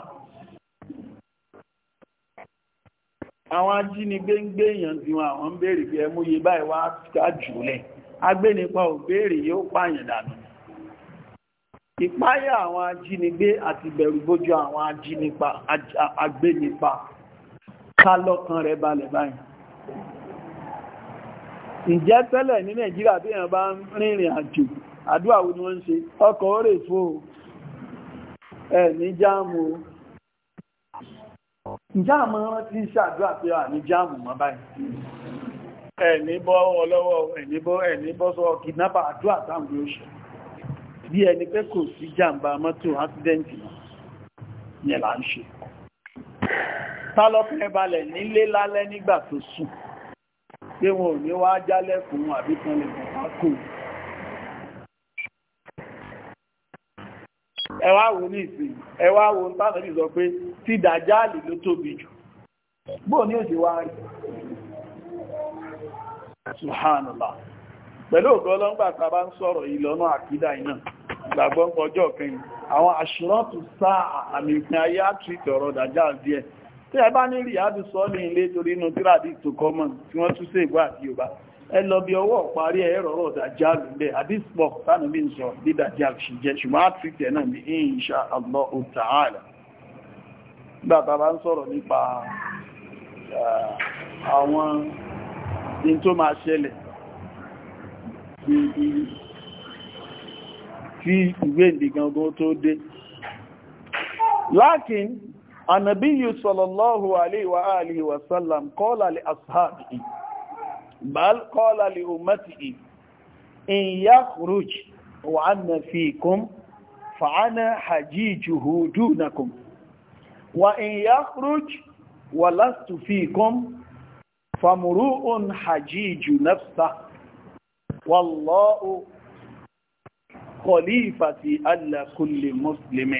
àwọn ajínigbé ń gbé èèyàn tí wọn àwọn ń béèrè bí ẹmú yé báyìí wá ká jùlẹ̀ agbénipa ò béèrè yóò pààyàn dànù ìpáyà àwọn ajínigbé àti ìbẹ̀rù gbójó àwọn ajínipa agbénipa ká lọ́kàn rẹ̀ balẹ̀ báyìí ǹjẹ́ tẹ́lẹ̀ ní nàìjíríà bí èèyàn bá ń rìnrìn àjò àdúrà wo ni wọ́n ń ṣe ọkọ̀ orè fò ẹ̀ ní jáàmù o ìjáàmù wọn ti ṣàdúrà pé à ní jáàmù mọ́ báyìí ẹ̀ ní bọ́ ọlọ́wọ́ ẹ̀ ní bọ́ ẹ̀ ní bọ́ sọ kìdnápà àdúrà táwọn yóò ṣe bí ẹni pé kò sí jàǹbá mọ́tò ásídẹ́ǹtì yẹn là ń ṣe ta lọ́kùnrin balẹ̀ nílé lálẹ́ nígbà pé wọn ò ní wá jálẹ̀kùn àbí kan lè bọ̀ wá kò ẹ wá wo ní ìsìn ẹ wá wo ń tánà sọ pé tí dàjáàlì ló tóbi jù bóò ní òsì wá rí subhanallah pẹ̀lú ògbọ́ lọ́ngbà tàbá ń sọ̀rọ̀ ìlọ́nà àkídà iná gbàgbọ́n pọjọ́ kẹyìn àwọn àṣírọ́tù sáà àmì ìpín ayé àtúntọ̀rọ̀ dàjáàlì díẹ̀ tí ẹ bá ní ríyádù sọ́ọ̀lì ilé torí inú tíráàdì tó kọ́mọ̀ tí wọ́n tún sí ìgbà àti Yorùbá ẹ lọ bí ọwọ́ parí ẹ rọ̀rọ̀ dàjálù ń bẹ àdìsípọ̀ tánà bí n sọ bí dàjálù ṣì jẹ́ ṣùgbọ́n àtìtẹ̀ náà ní insha Allah ń sọ̀rọ̀ nípa eh, àwọn máa ṣẹlẹ̀ النبي صلى الله عليه وآله وسلم قال لأصحابه بل قال لأمته إن يخرج وعنا فيكم فأنا حجيجه دونكم وإن يخرج ولست فيكم فمروء حجيج نفسه والله kọlífàtí alákùnlé mùsùlùmí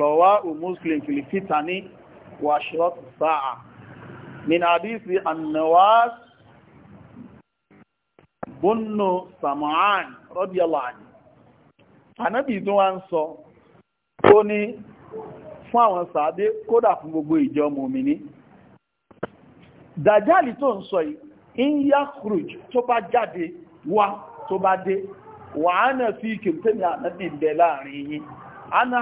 rọwá o mùsùlùmí filifita ní wàṣírọ́tù sáà min àdísì annawas bónú samu'an rọ́bíọ̀láàni anábì tó wá ń sọ ó ní fún àwọn sàádé kódà fún gbogbo ìjọ mòmìnì dàjálì tó ń sọ yìí ń yá kúrùj tó bá jáde wá tó bá dé wàhánà fi kìrìtẹ́nì ànábì ń bẹ láàrin yín ana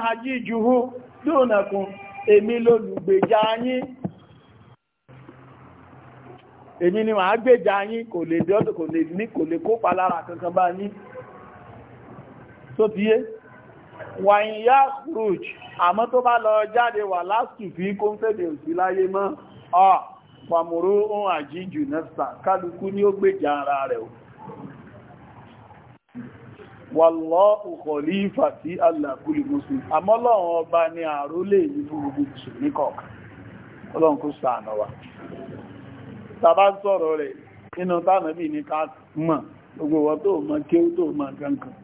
juhu dúnàkùn èmi lólùgbèjà yín èmi ni màá gbèjà kò lè dọ́dọ̀ kò lè ní kò lè kankan bá yín tó ti yé wàyíyá rúj àmọ́ lọ jáde wà lásìkò fi kó òsì láyé mọ́ ọ ohun àjíjù nẹ́sà kálukú ní ó gbèjà ara rẹ̀ o wallahu khalifati ala kulli muslim àmọ́ Ọlọ́run ọba ni àrólé yìí fún gbogbo mùsùlùmí kọ̀ọ̀kan Ọlọ́run kó ṣàánú wa tàbá sọ̀rọ̀ rẹ̀ nínú tánàbí ní ká mọ̀ gbogbo wọn tó mọ̀ kí ó tó mọ̀ kankan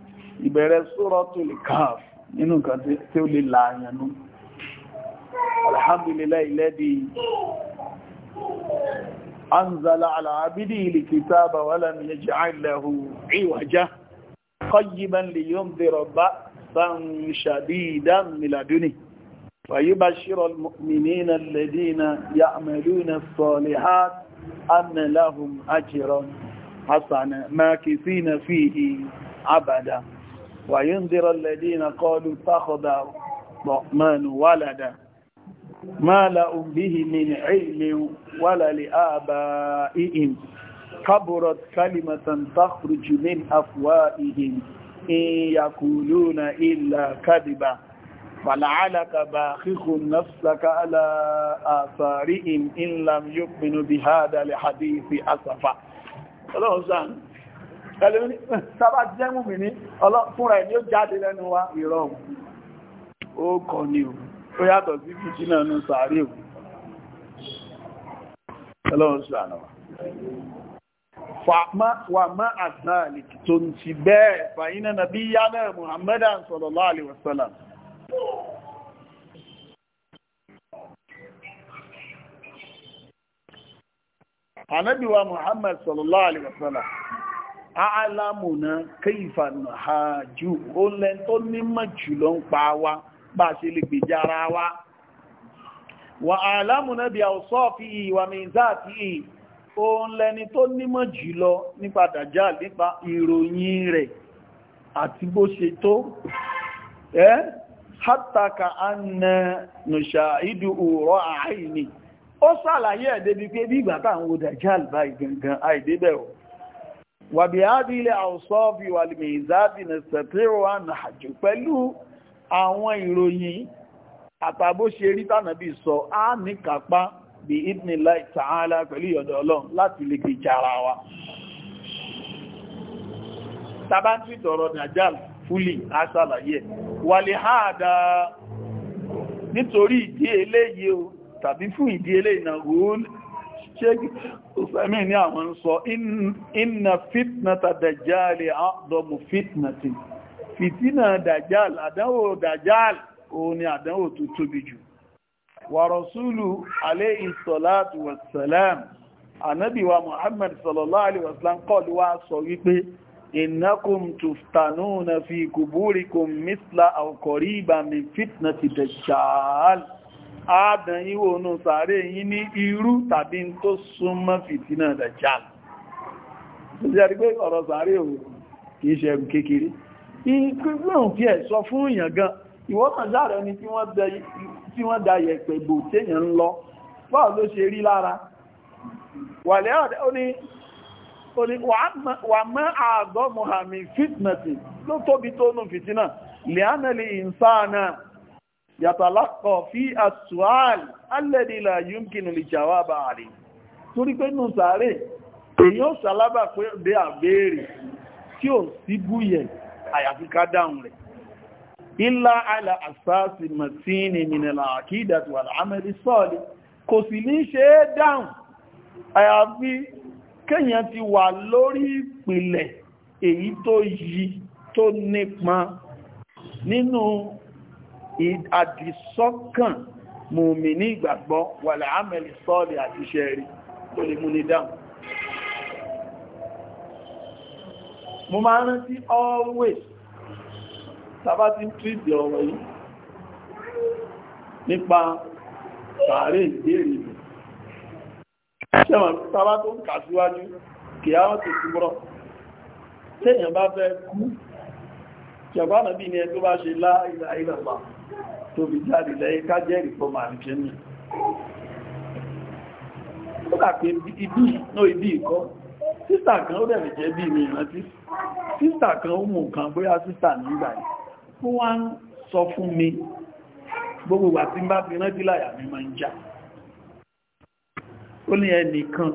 ìbẹ̀rẹ̀ Suratul Kahf nínú kan tí ó lè láàyànú alhamdulillahi طيبا لينذر بأسا شديدا من لدنه ويبشر المؤمنين الذين يعملون الصالحات أن لهم أجرا حسنا ماكثين فيه عبدا وينذر الذين قالوا اتخذ الرحمن ولدا ما لهم به من علم ولا لآبائهم kaburat kalimatan takhruju min afwaihim in yaquluna illa kadiba fala'alaka baqikhun nafsaka ala atharihim in lam yu'minu bihadha alhadithi asafa Ọlọ́run san ẹlẹ́ni sábà jẹ́ múmi ní fúnra ẹ̀ ni ó jáde lẹ́nu wa ìrọ̀m ó kọ ni ò ó yàtọ̀ sí fìtí náà nù sàárè ò Ọlọ́run san wàmá àzáàlìkì tó ń ti bẹ́ẹ̀ fàyínà nàbí yánà muhammadan sallallahu alaihi wasallam anabiwa muhammad sallallahu alaihi wasallam alamuna kaifa na hajju o lẹ́n tó nímọ̀ jùlọ ń pa wá bá ṣe lè gbèjà ara wa wa alamuna bí a sọ́ọ̀fì ìwà mìí òun lẹni tó nímọ̀ jùlọ nípa dàjá nípa ìròyìn rẹ̀ àti bó ṣe tó ẹ́ hátàkà anà nùṣà ìdù òrọ̀ àìní ó sàlàyé ẹ̀ débi pé bí ìgbà táwọn wo dàjá àlbá ìgangan àìdébẹ̀ ò wàbí ádìlẹ̀ àwọ̀sọ́ọ̀fì wà lè mẹ́ìzáàdì bí idnillahi ta'ala pẹ̀lú ìyọ̀dọ̀ ọlọ́run láti lè gbèjà ara wa tàbátì tọ̀rọ̀ nàjàl fúlì aṣàlàyé wà lè háàdá nítorí ìdí eléyìí o tàbí fún ìdí eléyìí náà rúl ṣe òfẹ́mí ní àwọn sọ inna fitnata dajjali a'dhamu fitnati fitina dajjal àdánwò dajjal òun ni àdánwò tó tóbi jù wàrọ̀súlù alẹ́ ìsọ̀láàtù wàsàlám ànábìwà muhammad sallallahu alaihi wasallam kọlu wá sọ wípé innakum tuftanuna fi kuburikum misla aw qariba min fitnati dajjal adan iwo nu sare yín ní irú tàbí n tó súnmọ́ fitina dajjal so je rí pé ọ̀rọ̀ sare o ṣe kékeré ikú náà fi fún èèyàn ìwọ́kànjá rẹ̀ ni tí wọ́n da yẹ̀pẹ̀ bò téèyàn ń lọ báwo ló ṣe rí lára wàlẹ́ ọ̀dẹ́ ó ní wà mọ́ àgọ́ mohamed fitnati ló tóbi tó nù fìtínà lẹ́ánàlì ìsáànà yàtàlákọ̀ fí àtúwàlì alẹ́dìlà yúnkínú lè jàwà bá rí torí pé nù sàárè èyí ó sàlábà pé bẹ́ àbẹ́rẹ̀ tí ò sí búyẹ̀ àyàfi ká dáhùn rẹ̀ ilá àlà àsáàsì màtíni mìnàlá àkídàtù àmàlì sọ́ọ̀lì kò sì ní ṣe é dáhùn àyàfi kéèyàn ti wà lórí ìpìlẹ̀ èyí tó yí tó nípa nínú àdìsọ́kàn mùmí ní ìgbàgbọ́ wàlà àmàlì sọ́ọ̀lì àti iṣẹ́ rí tó lè mú ní dáhùn mo máa rántí always tàbá ti tríìdì ọ̀rọ̀ yìí nípa sàárè ìbéèrè rẹ̀ ṣẹ́wọ̀n tàbá tó ń kà síwájú kì á wọ́n ti túbọ́rọ̀ tẹ́yàn bá fẹ́ kú ṣẹ̀bá náà bí ní ẹ tó bá ṣe láìlà ìlàpá tó fi jáde lẹ́yìn kájẹ́rì fọ́ màrìkẹ́mì ó dàpé ibi náà ibi ìkọ́ sísà kan ó dẹ̀ lè jẹ́ bí mi ìrántí sísà kan ó mú kan bóyá sísà nígbà yìí ó wá ń sọ fún mi gbogbo wà tí ń bá fi rántí láyà mi máa ń já ó ní ẹnìkan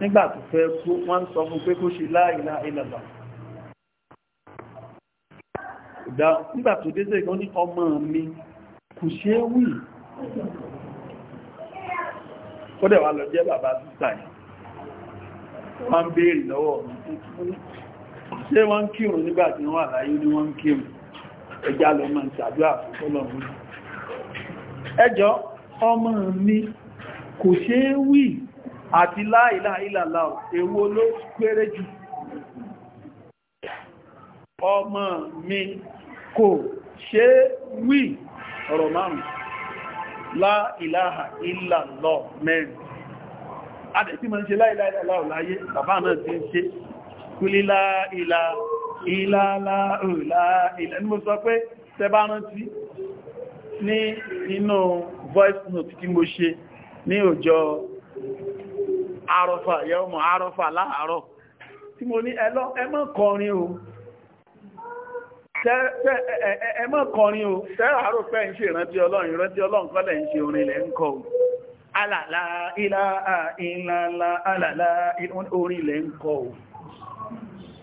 nígbà tó fẹ́ kú wọ́n ń sọ fún pé kó ṣe láìlá ìlàlá nígbà tó dé sẹ́gbọ́n ní ọmọ mi kò ṣe é wì ó dẹ̀ wá lọ jẹ́ bàbá sísà yìí wọ́n ń béèrè lọ́wọ́ ṣé wọ́n kírun nígbà tí wọ́n wà láyé ní wọ́n kírun ẹjá lọ máa ṣàdúrà fún ọlọ́run ẹjọ́ ọmọ mi kò ṣe é wí àti láìlà ìlàlà èwo ló kéré jù ọmọ mi kò ṣe é wí ọ̀rọ̀ márùn láìláha ìlàlọ́ mẹ́rin adẹ̀ tí ma ń ṣe láìláìlà láyé bàbá náà ti ń ṣe kúlílá ìlà ìlàlá ìlà ìlà ní mo sọ pé tẹbá rántí ní inú voice note tí mo ṣe ní ọjọ́ àrọ̀fà yọ́mọ̀ àrọ̀fà láàárọ̀ tí mo ní ẹlọ́ ẹmọ́ kọrin o ẹmọ́ kọrin o tẹ́ràárò pẹ́ ń ṣe ìrántí ọlọ́run ìrántí ọlọ́run kọ́lẹ̀ ń ṣe orin ilẹ̀ ń kọ alàlá ìlàlá alàlá orin ilẹ̀ ń kọ o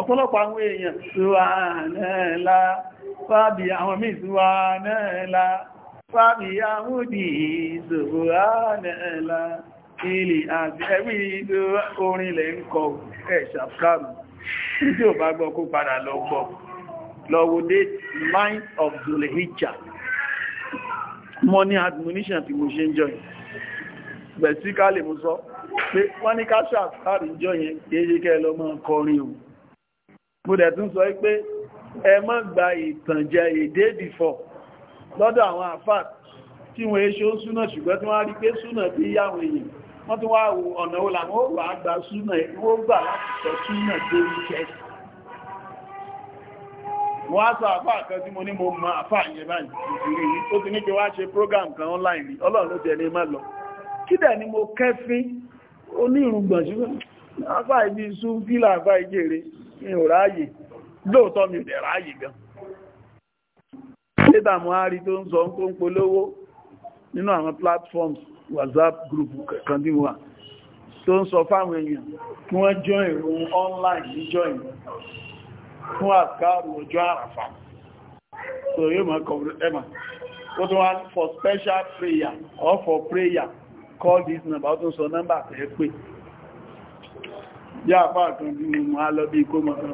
ọ̀pọ̀lọpọ̀ àwọn èèyàn ṣùwánẹ́lá fábí àwọn míì ṣùwánẹ́lá fábí àmúdì ṣùwánẹ́lá ilẹ̀ àti ẹ̀wí ìlú orinlẹ̀ ń kọ ẹ̀ṣàkàrù tí ó date 9 of Zulhijja money admonition tí mo ṣe ń jọyìn bẹ̀síkà lè mú sọ pé wọ́n ní ká ṣàkàrù jọyìn kéèkéè lọ mọ́ kọrin ohun mo dẹ̀ tún sọ pé ẹ má gba ìtànjẹ èdè dìfọ̀ lọ́dọ̀ àwọn àfáà tí wọ́n èṣe ó súnà ṣùgbọ́n tí wọ́n rí pé súnà bí yáwọn èèyàn wọ́n tún wá wo ọ̀nà wo làwọn ó wà á gba súnà ó gbà láti sọ súnà tó rí jẹ́ wọ́n á sọ àfáà kan tí mo ní mo mọ àfáà yẹn báyìí ó ti ní kí wá ṣe program kan online rí ọlọ́run ló ti ẹni má lọ kí dẹ̀ ni mo kẹ́fín onírùngbọ̀n ṣùgbọ́n àfáà ibi sún fílà àfáà ìjèrè mi ò ráyè lóòótọ́ mi ò dẹ̀ ráyè gan Ṣéta Buhari tó ń sọ ń kó ń polówó nínú àwọn platforms WhatsApp group kan tí wà tó ń sọ fáwọn èèyàn kí wọ́n join ìrun online ní join fún àkáàrù ọjọ́ àràfà so yóò mọ̀ ẹmà ó tún wá for special prayer or for prayer call this number ó tún sọ nọ́mbà tẹ́ pé bí àpá kan bí mo máa lọ bí kó mọ̀kan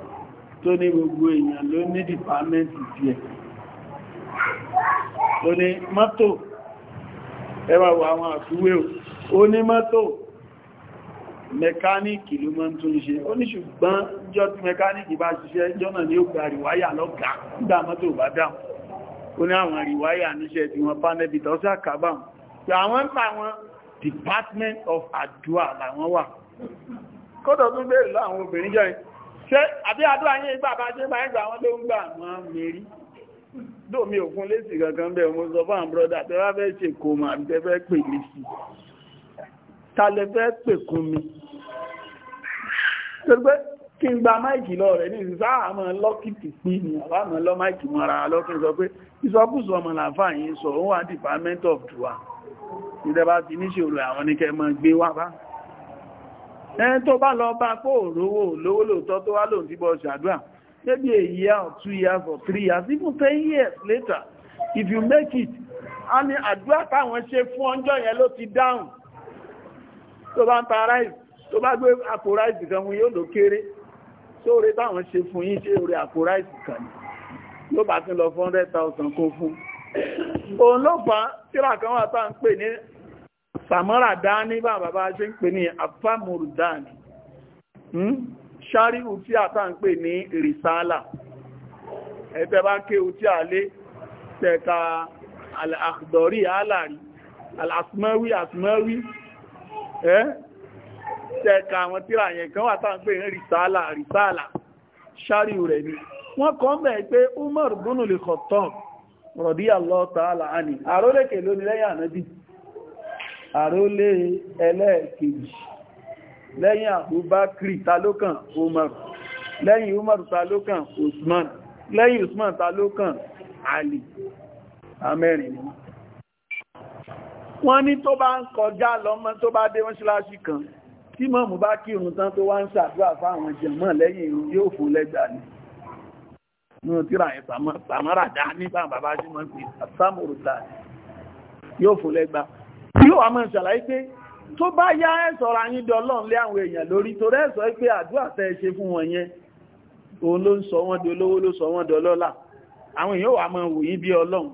tó ní gbogbo èèyàn ló ní dìpámẹ́ntì tí ẹ̀ ó ní mọ́tò ẹwà wà àwọn àfiwé ó ní mọ́tò mẹkáníkì ló mọ́ tó ń ṣe ó ní ṣùgbọ́n jọ tí mẹkáníkì bá ṣiṣẹ́ jọ́nà ni ó gba rìwáyà lọ́gá nígbà mọ́tò bá dáhùn ó ní àwọn rìwáyà department of adua làwọn wà kódò tún bèèrè láwọn obìnrin jẹ́ ṣe àbí àdúrà yín ìgbà bá ṣe máa ń gbà wọ́n ló ń gbà wọ́n mẹ́rí lómi òkun lésì kankan bẹ̀ mo sọ fún àwọn brọ́dà tẹ́ wá fẹ́ ṣe kò mà tẹ́ fẹ́ pè mí sí ta lẹ fẹ́ pè kún mi tó gbé kí n gba máìkì lọ rẹ̀ ní ìsá àmọ́ lọ́kìtì pín ní àwọn àmọ́ lọ máìkì mọ́ra lọ́kìn sọ pé ìsọkúsọ ọmọ làfà yìí sọ òun wà department of dua àwọn oníkẹ́ mọ́ gbé wá bá ẹn tó bá lọ bá kó òrówó lówó lóòótọ́ tó wá lòun bọ́ ṣàdúrà maybe a year or two years or three years even ten years later if you make it a ní àdúrà táwọn ṣe fún ọjọ́ yẹn ló ti dáhùn tó bá ń ta ráìsì tó bá gbé àpò ráìsì kan wọn yóò ló kéré sóore táwọn ṣe fún yín ṣe orí àpò ráìsì kan ló bá tún lọ 400,000 kó fún òun ló fà tíra kan wà tá ń pè ní pàmọ́rà dání bá bàbá ṣe ń pè ní àfámùrù dání ṣáríhù tí a tàà ń pè ní rìsálà ẹ̀tẹ́ bá kéhù tí a lé tẹ̀ka àdọ̀rí alàrí alàsmọ́wí àsmọ́wí ẹ́ tẹ̀ka àwọn tíra yẹn kan wà tàà ń pè ní rìsálà rìsálà ṣáríhù rẹ̀ ni wọ́n kọ́ mẹ́ pé Umar bunu lè kọ̀tọ̀ rọ̀díyà lọ́ta àlàáni àrólẹ́kẹ̀ lónìí lẹ́yìn ànábì àrólé ẹlẹ́ẹ̀kejì lẹ́yìn àbúbákìrì talókàn Umar lẹ́yìn Umar talókàn Usman lẹ́yìn Usman talókàn Ali amẹ́rin ni wọ́n ní tó bá ń kọjá lọ́mọ tó bá dé wọ́n ṣíláṣí kan tí mọ̀mù bá kírun tán tó wá ń ṣàdúrà fáwọn jẹ̀mọ́ lẹ́yìn irun yóò fún lẹ́gbàá ní o tíra yẹn sàmọ́ràdá nígbà bàbá sí mọ́ yóò fún lẹ́gbàá yóò wá máa ṣàlàyé pé tó bá yá ẹ̀sọ̀ ra yín dọ lọ́n lé àwọn èèyàn lórí torí ẹ̀sọ̀ pé àdúrà tẹ́ ẹ ṣe fún wọn yẹn òun ló ń sọ wọ́n di olówó ló sọ wọ́n dọlọ́lá àwọn èèyàn wà máa wò yín bí ọlọ́run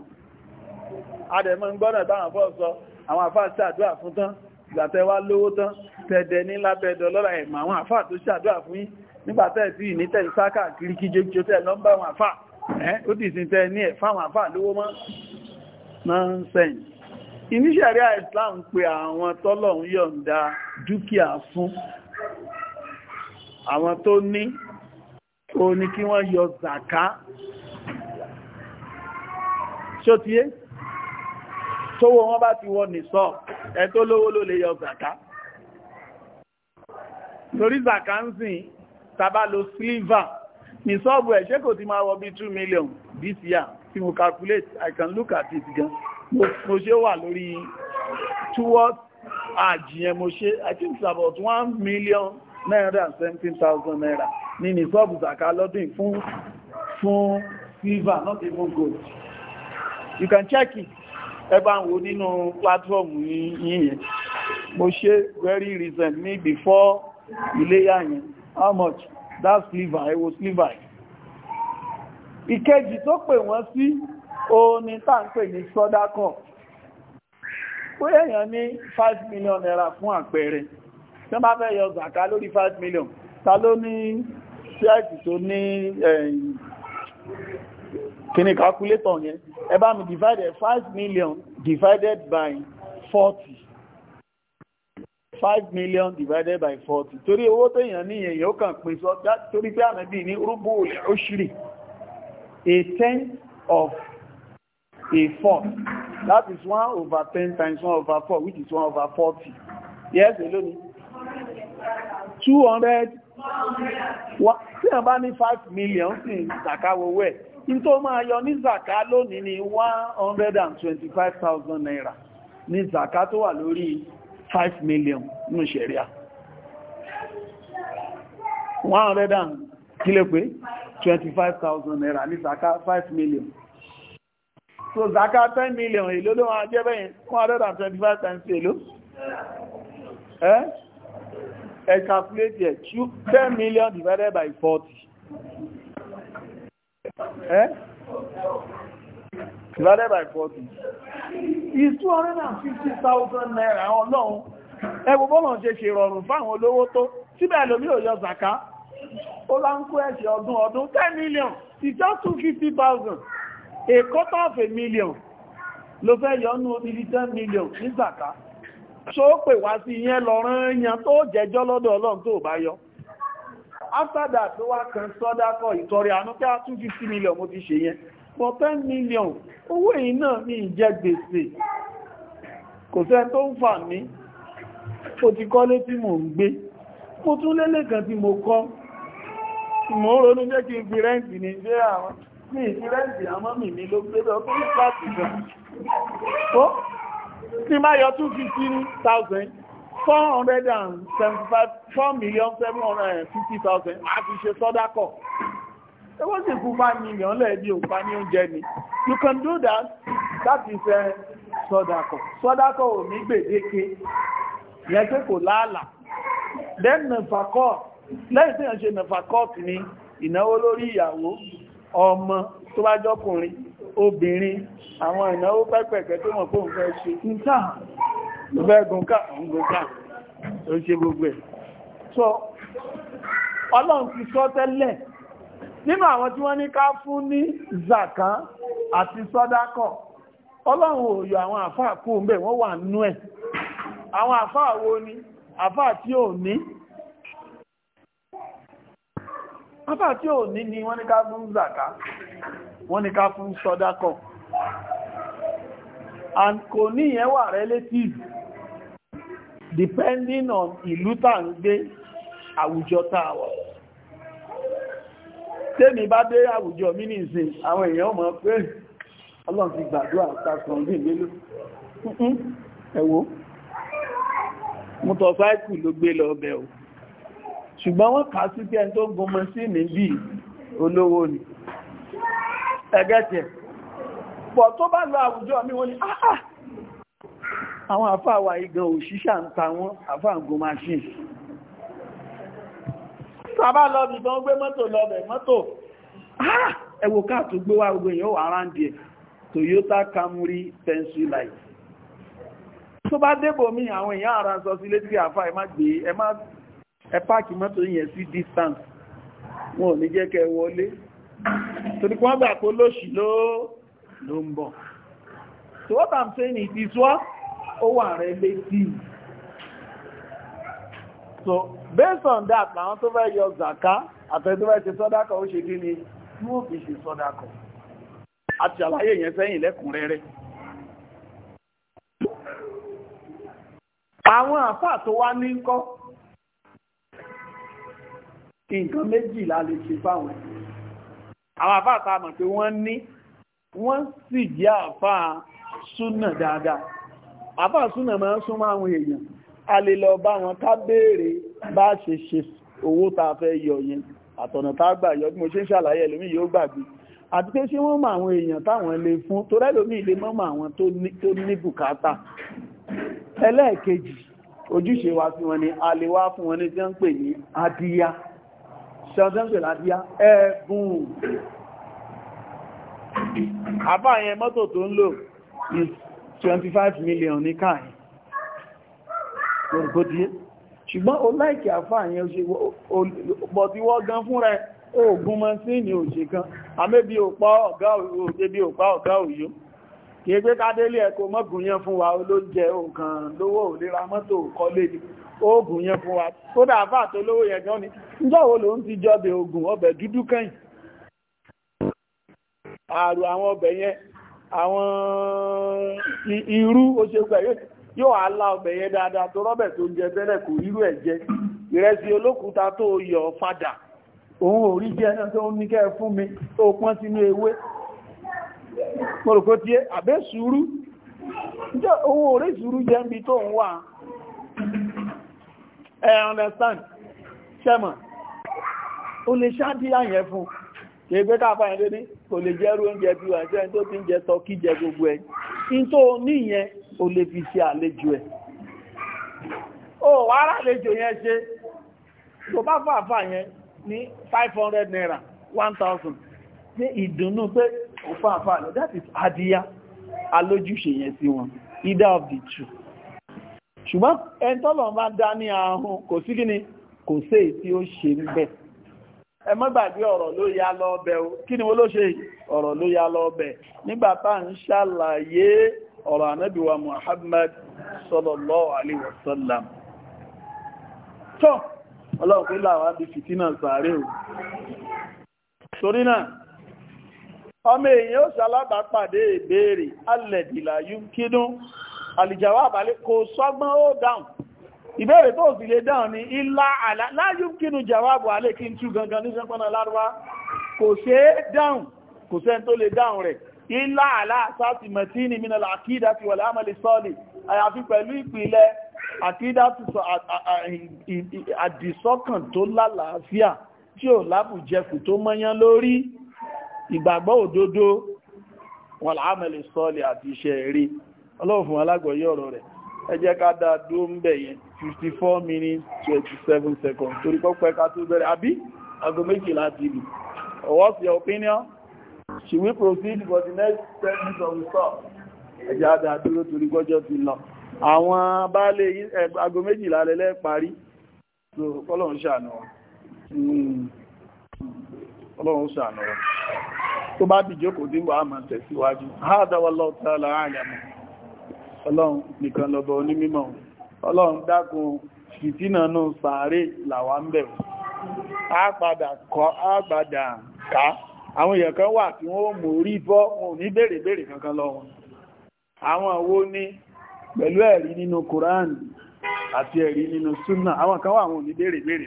adẹ̀mọ́ ń gbọ́nà táwọn fọ́ sọ àwọn àfáà ṣàdúrà fún tán ìgbàtẹ́ wá lówó tán tẹ̀dẹ̀ ní lábẹ́dọ̀ lọ́la ẹ̀mọ̀ àwọn àfáà tó ṣàdúrà fún yín nígbàtẹ́ tí ní tẹ̀ sáká kiri kí jẹ́ tẹ́ lọ́mbà àwọn àfáà ẹ́ ó dì sí tẹ́ ní ẹ̀ fáwọn àfáà lówó mọ́ nonsense ìníṣẹ̀rí Islam pé àwọn tọ́lọ̀un yọ̀ǹda dúkìá fún àwọn tó ní o ní kí wọ́n yọ zàká ṣó ti yé tówó wọ́n bá ti wọ nìsọ́ ẹ tó lówó ló lè yọ zàká lórí zàká ń sìn tàbá lo silver ní sọ́ọ̀bù ẹ̀ ṣé kò ti máa wọ bí 2 million this year tí mo calculate I can look at it again mo ṣe wà lórí towards àjìyàn mo ṣe i think it's about one million nine hundred and seventeen thousand naira ní ní sọ́ọ̀bù zaka lọ́dún fún fún silver not even gold you can check it ẹgbà ń wo nínú platform yìnyìn mo ṣe very recent ní before iléyà yẹn how much that's silver It was silver ìkejì tó pè wọ́n sí ó ní táǹpẹ̀ ní sọ́dákọ̀ pé èèyàn ní 5 million naira fún àpẹẹrẹ tí wọ́n bá fẹ́ yọ zàká lórí 5 million ta ló ní ṣẹ́ẹ̀kì tó ní kíní calculator yẹn ẹ bá mi divided 5 million divided by 40 5 million divided by 40 torí owó tó èèyàn ní èèyàn ó kàn pín sọ torí pé àmì bí ní rúbù òṣìrì a tenth of a four. That is one over ten times one over four, which is one over forty. Yes, Eloni? 200. Tí See, bá ní five million in sí ìzàká owó ẹ̀, in tó máa one hundred and twenty-five thousand naira ní ìzàká tó lori five million. No Sharia. One hundred and kí lè pé 25,000 naira ní ìzàká 5 million so zaka 10 million èlò ló wọ́n jẹ́ bẹ́yìn 125 times èlò ẹ́ ẹ calculate ẹ̀ 10 million divided by 40 ẹ́ divided by 40 is 250,000 naira ọlọ́run ẹgbùn bọ́lọ̀ ṣe ṣe rọrùn fáwọn olówó tó síbẹ̀ lómi ò yọ zaka ó lá ń kó ẹ̀ṣẹ̀ ọdún ọdún 10 million it's just 250,000 a quarter of a million ló fẹ́ yọnú ibi 10 million ní zaka ṣó pè wá sí ìyẹn lọ́rán èèyàn tó jẹjọ́ lọ́dọ̀ ọlọ́run tó bá yọ after that ló wá kan sọ́dákọ̀ ìtọrẹ àánú pé 250 million mo ti ṣe yẹn for 10 million owó èyí náà ní ìjẹ gbèsè kò sẹ́ tó ń fà mí ó ti kọ́lé tí mò ń gbé mo tún lélẹ̀ kan tí mo kọ́ mo ronú jẹ́ kí n fi rẹ́ǹtì ní ṣé ní ìfírẹ́ǹsì àmọ́ mi ní ló gbé bẹ́ẹ̀ ní fúláàtì gan ó tí má yọ 250,000 475 4 million 750,000 àti ṣe sọ́dákọ̀ it was a good 5 million lẹ́ẹ̀bí òpá ní oúnjẹ ni you can do that that is a eh, sọ́dákọ̀ sọ́dákọ̀ ò ní gbèdéke yẹn pé kò láàlà then nefakọ́t lẹ́yìn tí yẹn ṣe nefakọ́t ni ìnáwó lórí ìyàwó ọmọ tó bá jọ́kùnrin obìnrin àwọn ìnáwó pẹ́pẹ̀ẹ̀kẹ́ tó mọ̀ kó ń fẹ́ ṣe ń tà ń fẹ́ gúnká ń gúnká tó ṣe gbogbo ẹ̀ so ọlọ́run ti sọ tẹ́lẹ̀ nínú àwọn tí wọ́n ní ká fún ní zaka àti sọ́dákọ̀ ọlọ́run ò yọ àwọn àfáà kú ń bẹ̀ wọ́n wà nú ẹ̀ àwọn àfáà wo ni àfáà tí ò ní afá tí ò ní ni wọ́n ní ká fún zaka wọ́n ní ká fún sọ́dákọ̀ and kò ní yẹn wà relative depending on ìlú tá ń gbé àwùjọ táwọ̀ tèmi bá dé àwùjọ mi ní ìsìn àwọn èèyàn mọ̀ pé ọlọ́run ti gbàdúrà sàkàn ní ìlú ẹ̀wọ́ mọ́tọ̀sáìkù ló gbé lọ bẹ̀ o ṣùgbọ́n wọ́n kà sí pé tó gun mọ́síìnì bí olówó ni ẹgẹ́tẹ̀ pọ̀ tó bá lọ àwùjọ mi wọ́n ni áhà ah, ah. àwọn àfáà wà igan òṣìṣà ń ta wọn àfáà ń gun machine sábà lọ́bì tó ń gbé mọ́tò lọ́bẹ̀ mọ́tò ah, ẹ wò káà gbé wá gbogbo èèyàn wà Toyota Camry Pennsylvania tó bá débò mí àwọn èèyàn ara sọ sí létí àfáà ẹ má gbé ẹ má ẹ mọ́tò yẹn sí distance wọn ò ní jẹ́ kẹ́ wọlé torí kí wọ́n gbà kó lóṣì ló ń bọ̀ so what i'm saying is this one ó wà rẹ̀ létí so based on that làwọn tó fẹ́ yọ zaka àtẹ́tọ́fẹ́ ti sọ́dákọ̀ ó ṣe dín ní wọ́n fi ṣe sọ́dákọ̀ àti àlàyé yẹn sẹ́yìn lẹ́kùnrẹ́rẹ́ àwọn àfáà tó wá ní ń kọ́ nǹkan méjì la lè ṣe fáwọn àwọn àfáàtà mọ̀ pé wọ́n ní wọ́n sì jẹ́ àfáà súnà dáadáa àfáà súnà máa ń súnmọ́ àwọn èèyàn a lè lọ bá wọn ká béèrè bá ṣe ṣe owó tá a fẹ́ yọ yẹn àtọ̀nà tá a gbà yọ bí mo ṣe ń ṣàlàyé ẹlòmíì yóò gbàgbé àti pé ṣé wọ́n mọ àwọn èèyàn táwọn lè fún tó rẹ́lòmíì lè mọ́ mọ àwọn tó ní bùkátà ẹlẹ́ẹ̀kejì ojúṣe wa sí wọn ni a lè wá fún wọn ní tí wọ́n ń pè ní adíyá ṣàtẹ́ǹtẹ̀ lábíá ẹ̀bùn àbá yẹn mọ́tò tó ń lò is 25 million ní káàyìn gbogbo díẹ̀ ṣùgbọ́n o láìkì àfá yẹn bọ̀ tí wọ́n gan fún rẹ̀ oògùn mọ́ sí ní òṣèkan àmébí òpá ọ̀gá òyó kìí pé kádélé ẹ̀kọ́ mọ́gùnyán fún wa olóúnjẹ òkan lówó òlera mọ́tò kọlé oògùn yẹn fún wa tó dáàfà tó lówó yẹn gan ni ló ń ti jọbẹ̀ ògùn ọbẹ̀ dúdú kẹ́yìn àrò àwọn ọbẹ̀ yẹn àwọn irú oṣèpẹ̀ yóò àlá ọbẹ̀ yẹn dáadáa tó rọ́bẹ̀ tó ń jẹ tẹ́lẹ̀ kò rírú ẹ̀ jẹ ìrẹsì olókùúta tó yọ fadà òun ò rí jẹ́ náà tó ń ní kẹ́ fún mi tó pọ́n sínú ewé mọ̀rọ̀kọ́ tí suru àbẹ́ sùúrù jẹ́ owó orí sùúrù jẹ́ ń bí tó ń wà ẹ understand ṣẹ́mọ̀ o lè ṣáàdì àyẹ̀ fún kìí pé káàpá ẹ̀ lóní kò lè jẹ́rú oúnjẹ bí wà jẹ́ tó ti ń jẹ tọ́kí jẹ gbogbo ẹ̀ in tó ní ìyẹn o lè fi ṣe àlejò ẹ̀ o wàrà àlejò yẹn ṣe tó bá fàáfà yẹn ní 500 naira 1000 ní ìdùnnú pé òfáàfáà lọ that is adíyá alójúṣe yẹn sí wọn either of the two ṣùgbọ́n ẹntọ́lọ̀ bá dá ní ahun kò sí kí ni kò sí èyí tí ó ṣe ń bẹ̀ ẹ má gbàgbé ọ̀rọ̀ ló yá lọ́ọ́bẹ̀ o kí ni wọ́n ló ṣe ọ̀rọ̀ ló yá lọ́ọ́bẹ̀ nígbà tá à ń ṣàlàyé ọ̀rọ̀ ànábì Muhammad sallallahu alaihi wasallam tó ọlọ́run pé làwọn á di fìtínà sàárè o torí náà ọmọ èèyàn ó ṣalábàápàdé ìbéèrè alẹ́dìlà yúkínú àlìjàwà àbálẹ́ kò sọ́gbọ́n ó dáhùn ìbéèrè tó sì lè dáhùn ní ilá àlá láyúkínú jàwàbù alẹ́ kí n tú gangan ní sẹ́pọ̀nà lárúwá kò ṣe é dáhùn kò sẹ́n tó lè dáhùn rẹ̀ ilá àlá sáti mẹ̀tíni mínal àkídà ti wọ̀lẹ̀ àmàlẹ̀ sọ́ọ̀lì àyàfi pẹ̀lú ìpìlẹ̀ àkídà ti sọ àdìsọ́kàn tó lálàáfíà tí ò lábùjẹkù tó mọ́yán lórí ìgbàgbọ́ òdodo wọn láàmẹ́lì sọ́ọ̀lì àti iṣẹ́ eré ọlọ́run fún alágbọ̀yé ọ̀rọ̀ rẹ̀ ẹ jẹ́ ká dá dúró ń bẹ̀ yẹn 54 minutes 27 seconds torí pọ́pẹ́ ká tó bẹ̀rẹ̀ àbí aago méjìlá ti lù what's your opinion should we proceed for the next sentence of the talk ẹ jẹ́ àdá dúró torí gọ́jọ́ ti lọ àwọn baálé aago méjìlá lẹ́lẹ́ parí so kọ́lọ̀ ń ṣàánú wa hmm. ọlọ́run ṣàánú rẹ̀ tó bá di jókòó dínbò àmà tẹ̀síwájú Allahu ta'ala a'lam ọlọ́run nìkan lọ́bọ̀ onímọ̀ ọlọ́run dákun fìtínà náà sàárè làwà ń bẹ̀ àpàdà ká àwọn èèyàn kan wà tí wọ́n mú orí bọ́ wọn ò ní béèrè kankan lọ́wọ́ àwọn wo ní pẹ̀lú ẹ̀rí nínú Koran àti ẹ̀rí nínú Súnnà àwọn kan wà wọn ò ní béèrè béèrè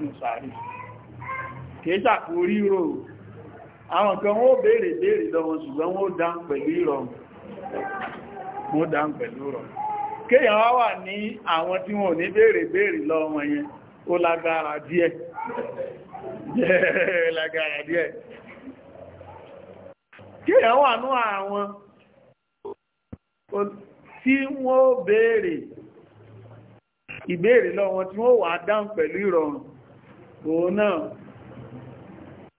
ní sàárè kéjà kò ríro àwọn kan wọ́n béèrè béèrè lọ́wọ́ ṣùgbọ́n wọ́n dáhùn pẹ̀lú ìrọ̀rùn wọ́n dáhùn pẹ̀lú ìrọ̀rùn kéèyàn wá wà ní àwọn tí wọ́n ní béèrè béèrè lọ́wọ́ yẹn ó lágbára díẹ̀ lágbára díẹ̀ kéèyàn wà ní àwọn tí wọ́n béèrè ìbéèrè lọ́wọ́ tí wọ́n wà dáhùn pẹ̀lú ìrọ̀rùn òun náà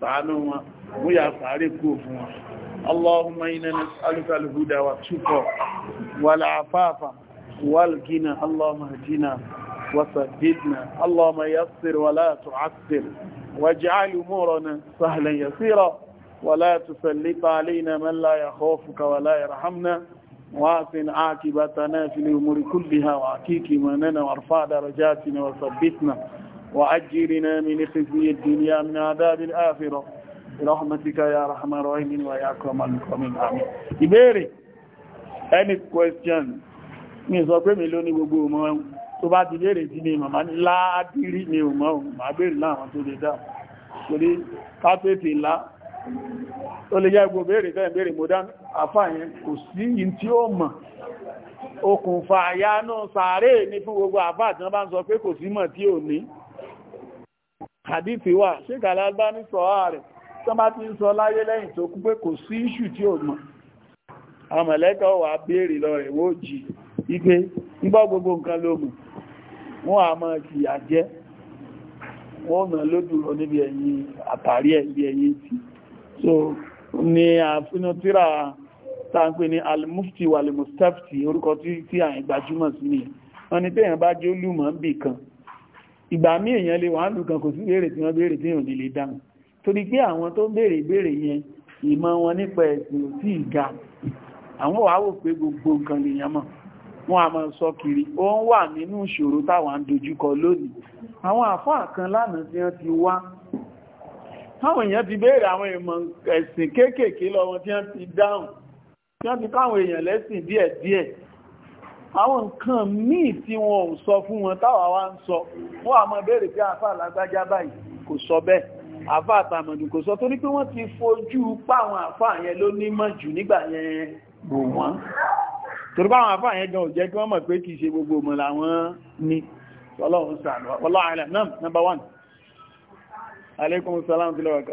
ṣàánú wọn bóyá sàárè kú fún wọn اللهم إنا نسألك الهدى والتقى والعفاف والغنى اللهم اهدنا وسددنا اللهم يسر ولا تعسر واجعل أمورنا سهلا يسيرا ولا تسلط علينا من لا يخافك ولا يرحمنا واسن عاقبتنا في الأمور كلها وعكيك مننا وارفع درجاتنا وثبتنا وأجرنا من خزي الدنيا من عذاب الآخرة برحمتك يا رحمة الرحيم وياكم أكرم الأكرمين آمين ìbéèrè any question mi sọ pé mi ló ní gbogbo ọmọ tó bá ti béèrè tí ni màmá láàdírí ni ọmọ ọmọ béèrè láwọn tó lè dá torí kápẹ́tì ńlá ó lè yá gbogbo béèrè fẹ́ béèrè mo dán àfáàyẹn kò sí in tí ó mọ̀ okùnfà àyánú sàárè ní fún gbogbo àfáà tí wọ́n bá ń sọ pé kò sí mọ̀ tí ò ní hadithi wa ṣé kàlá bá ní sọ ààrẹ tó bá ti ń sọ láyé lẹ́yìn tó kú pé kò sí iṣu tí ò mọ̀ àmọ̀lẹ́kọ̀ wà béèrè lọ rẹ̀ wó jì igbe nígbà gbogbo nǹkan ló mọ̀ wọ́n a mọ̀ ìyà jẹ́ wọ́n mọ̀ lódúró níbi ẹ̀yìn àtàrí ẹ̀bí ẹ̀yìn tí so ni àfinú tíra tàǹpé ní al-mufti wal-mustafti orúkọ tí àyìn ìgbà mí èèyàn lè wàá lùkàn kò sí béèrè tí wọ́n béèrè tí yóò lè dáhùn torí pé àwọn tó béèrè ìbéèrè yẹn ìmọ̀ wọn nípa ẹ̀sìn ò tí ìga àwọn wàá wò pé gbogbo nǹkan lèèyàn mọ̀ wọn a máa sọ kiri ó ń wà nínú ìṣòro táwa ń dojúkọ lónìí àwọn àfáà kan àwọn nǹkan míì tí wọn ò sọ fún wọn táwa wá ń sọ wọ́n àmọ́ béèrè pé àfà lágbájá báyìí kò sọ bẹ́ẹ̀ àfà àtàmọ̀dù kò sọ torí pé wọ́n ti fojú páwọn àfà yẹn ló nímọ̀ jù nígbà yẹn bò wọ́n torí báwọn àfà yẹn gan ò jẹ́ kí wọ́n mọ̀ pé kìí ṣe gbogbo mọ̀ làwọn ní ọlọ́run sàánúwà ọlọ́run àìlẹ̀ náà number one alaikum salam tilawaka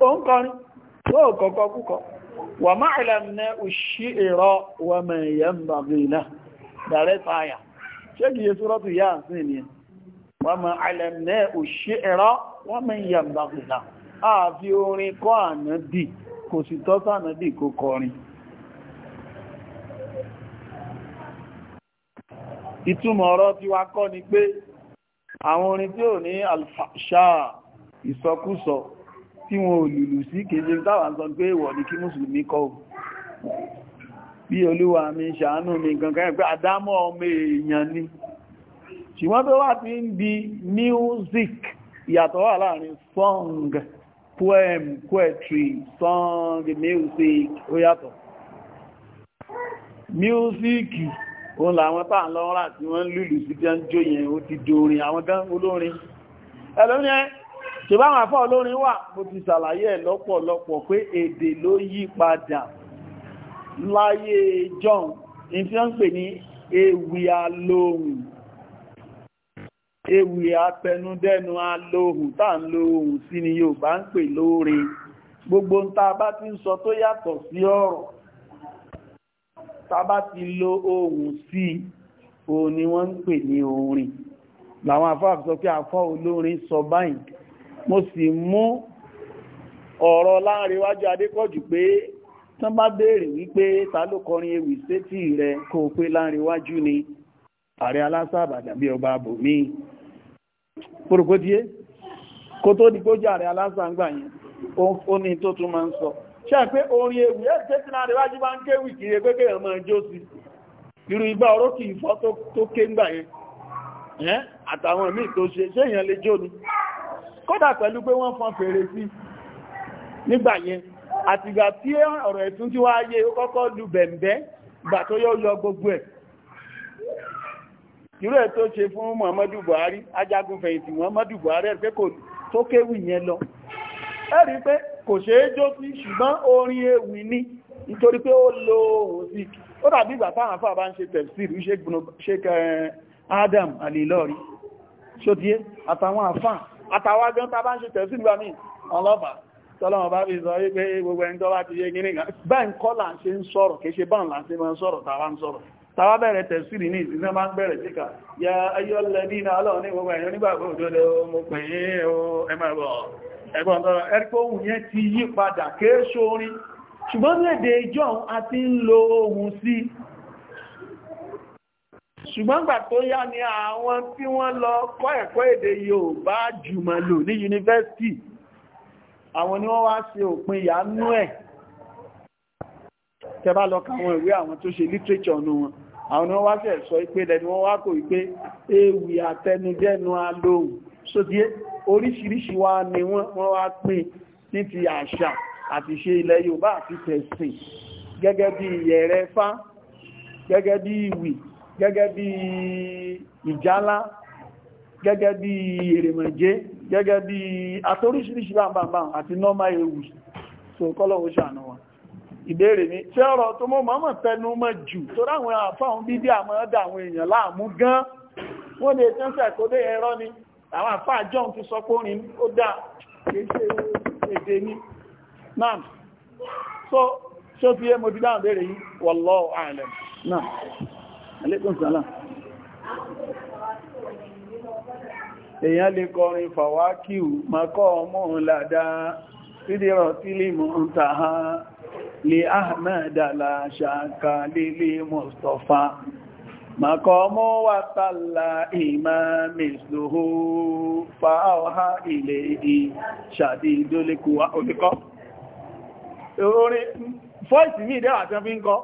ó ń kọrin tó kọ́kọ́ kúkọ wà máa ìlànà òṣì ìrọ wà mẹ́yẹ mbàgbìnà dàrẹ́ fàyà ṣé kìí sọ́rọ́tù yá sí ni wà máa ìlànà òṣì ìrọ wà mẹ́yẹ mbàgbìnà ààfi orin kọ́ ànádì kò sì tọ́ sànádì kò kọrin ìtumọ̀ ọ̀rọ̀ tí wá kọ́ ni pé àwọn orin tí ò ní alfàṣà ìsọkúsọ tí wọn ò lùlù sí kéje táwà sọ pé ìwọ̀ ní kí mùsùlùmí kọ́ bí olúwa mi ṣàánú mi kankan pé àdámọ́ ọmọ èèyàn ni ṣùgbọ́n tó wà tí ń di music ìyàtọ̀ wà láàrin song poem poetry song music ó yàtọ̀ music òun làwọn tàà lọ́rà tí wọ́n lùlù sí jẹ́ ń jó ó ti dorin àwọn gan olórin ẹlòmíràn ṣùgbọ́n àfọ́ olórin wà mo ti ṣàlàyé ẹ̀ lọ́pọ̀lọpọ̀ pé èdè ló yí padà láyé john ní tí wọ́n ń pè ní ewì alóhùn ewì atẹnudẹ́nu alóhùn tá ń lo ohùn sí ni Yorùbá ń pè lóore gbogbo ń ta bá ti ń sọ tó yàtọ̀ sí ọ̀rọ̀ ta ti lo ohùn sí òun ni wọ́n ń pè ní orin làwọn afọ́ àfisọ́ pé afọ́ olórin sọ báyìí mo si mú ọ̀rọ̀ Láńrewájú Adépọ̀jù pé tán bá wípé ta ló kọrin rẹ kó o pé Láńrewájú ni ààrẹ alásàbàdà bí ọba àbòmí pòròkótíyé kó tó di pójú ààrẹ alásàǹgbà yẹn ó ní tó tún máa orin ewì bá ń kéwì máa jó sí irú igbá kì í fọ́ tó ké ńgbà yẹn àtàwọn míì tó kódà pẹ̀lú pé wọ́n fọn fèrè sí nígbà yẹn àtìgbà tí ọ̀rọ̀ ẹ̀tún tí wáá yé ó kọ́kọ́ lu bẹ̀m̀bẹ́ gbà tó yọ yọ gbogbo ẹ̀ irú ẹ̀ tó ṣe fún Muhammadu Buhari ajagun fẹ̀yìntì Muhammadu Buhari ẹ̀ pé kò tó kéwì yẹn lọ ẹ rí pé kò ṣeé jó sí ṣùgbọ́n orin ewì ni nítorí pé ó lo òun sí ó dàbí ìgbà táwọn afọ́ àbá ń ṣe tẹ̀síìrì ṣe eh, Adam Alilori ṣó tiẹ̀ àtàwọn àfáà àtàwà gan tàbá ń ṣe tẹ̀sí ìgbà mí ọlọ́fà tọ́lọ́wọ́ bá fi sọ wípé gbogbo ẹni tó bá ti yé gíní kan bẹ́ẹ̀ ń kọ́ là ń ṣe ń sọ̀rọ̀ kìí ṣe báwọn là ń ṣe máa ń sọ̀rọ̀ tàwa ń sọ̀rọ̀ tàwa bẹ̀rẹ̀ tẹ̀sí ní ìsinmi máa ń bẹ̀rẹ̀ síkà ya ayọ́lẹ̀ ní ọlọ́run ní gbogbo ẹ̀yọ́ nígbàgbọ́ òdodo mo pè é o ẹ máa bọ̀ ẹgbọ́n tọ́rọ ẹ̀ríkọ́ ohun yẹn ti yí padà kéé sórin ṣùgbọ́n ní èdè ìjọ́ àti ń lo ohun sí ṣùgbọ́n gbà tó yá ni àwọn tí wọ́n lọ kọ́ ẹ̀kọ́ èdè Yorùbá jùmọ̀ lò ní yunifásitì àwọn ni wọ́n wá ṣe òpin ìyánú ẹ̀ tẹ́bá lọ káwọn ìwé àwọn tó ṣe literature nù wọn àwọn ni wọ́n wá ṣe sọ pé lẹ́ni wọ́n wá kò wípé ewì àtẹnudẹ́nu alóhùn sódíé ni wọ́n wá pín ní ti àṣà àti ṣe ilẹ̀ Yorùbá àti tẹ̀sìn gẹ́gẹ́ bí ìyẹ̀rẹ̀fá gẹ́gẹ́ bí ìwì gẹ́gẹ́ bí ìjálá gẹ́gẹ́ bí èrèmọ̀jé gẹ́gẹ́ bí àtoríṣìíríṣìí bàbàbàn àti normal ewu so kọ́lọ̀ ó ṣàánú wa ìbéèrè ní tí ọ̀rọ̀ tó mọ́ mọ́ tẹnu mọ́ jù tó ráwọn àfáhùn bídí àmọ́ ọ́dà àwọn èèyàn láàmú gan wọ́n lè tán ni àwọn àfáà john ti sọ pórin ó dá kéṣe so ṣó fi é mo ti dáhùn béèrè yìí wallahu a'lam náà Alékún sálà. Èyàn lè kọrin fàwákìú, makọ́ ọmọ ládáa, sídìrọ̀ tílì mọ̀ ń ta ha, lè Ahmed aláṣàkà lílé Mustapha. Makọ́ ọmọ wà tààlà ìmá mìsùlùhù fàáwà ilẹ̀ ìṣàdì ìdólẹ́kùwà olùkọ́. Orin, fọ́ìsì mí ìdẹ́wà tí wọ́n fi ń kọ́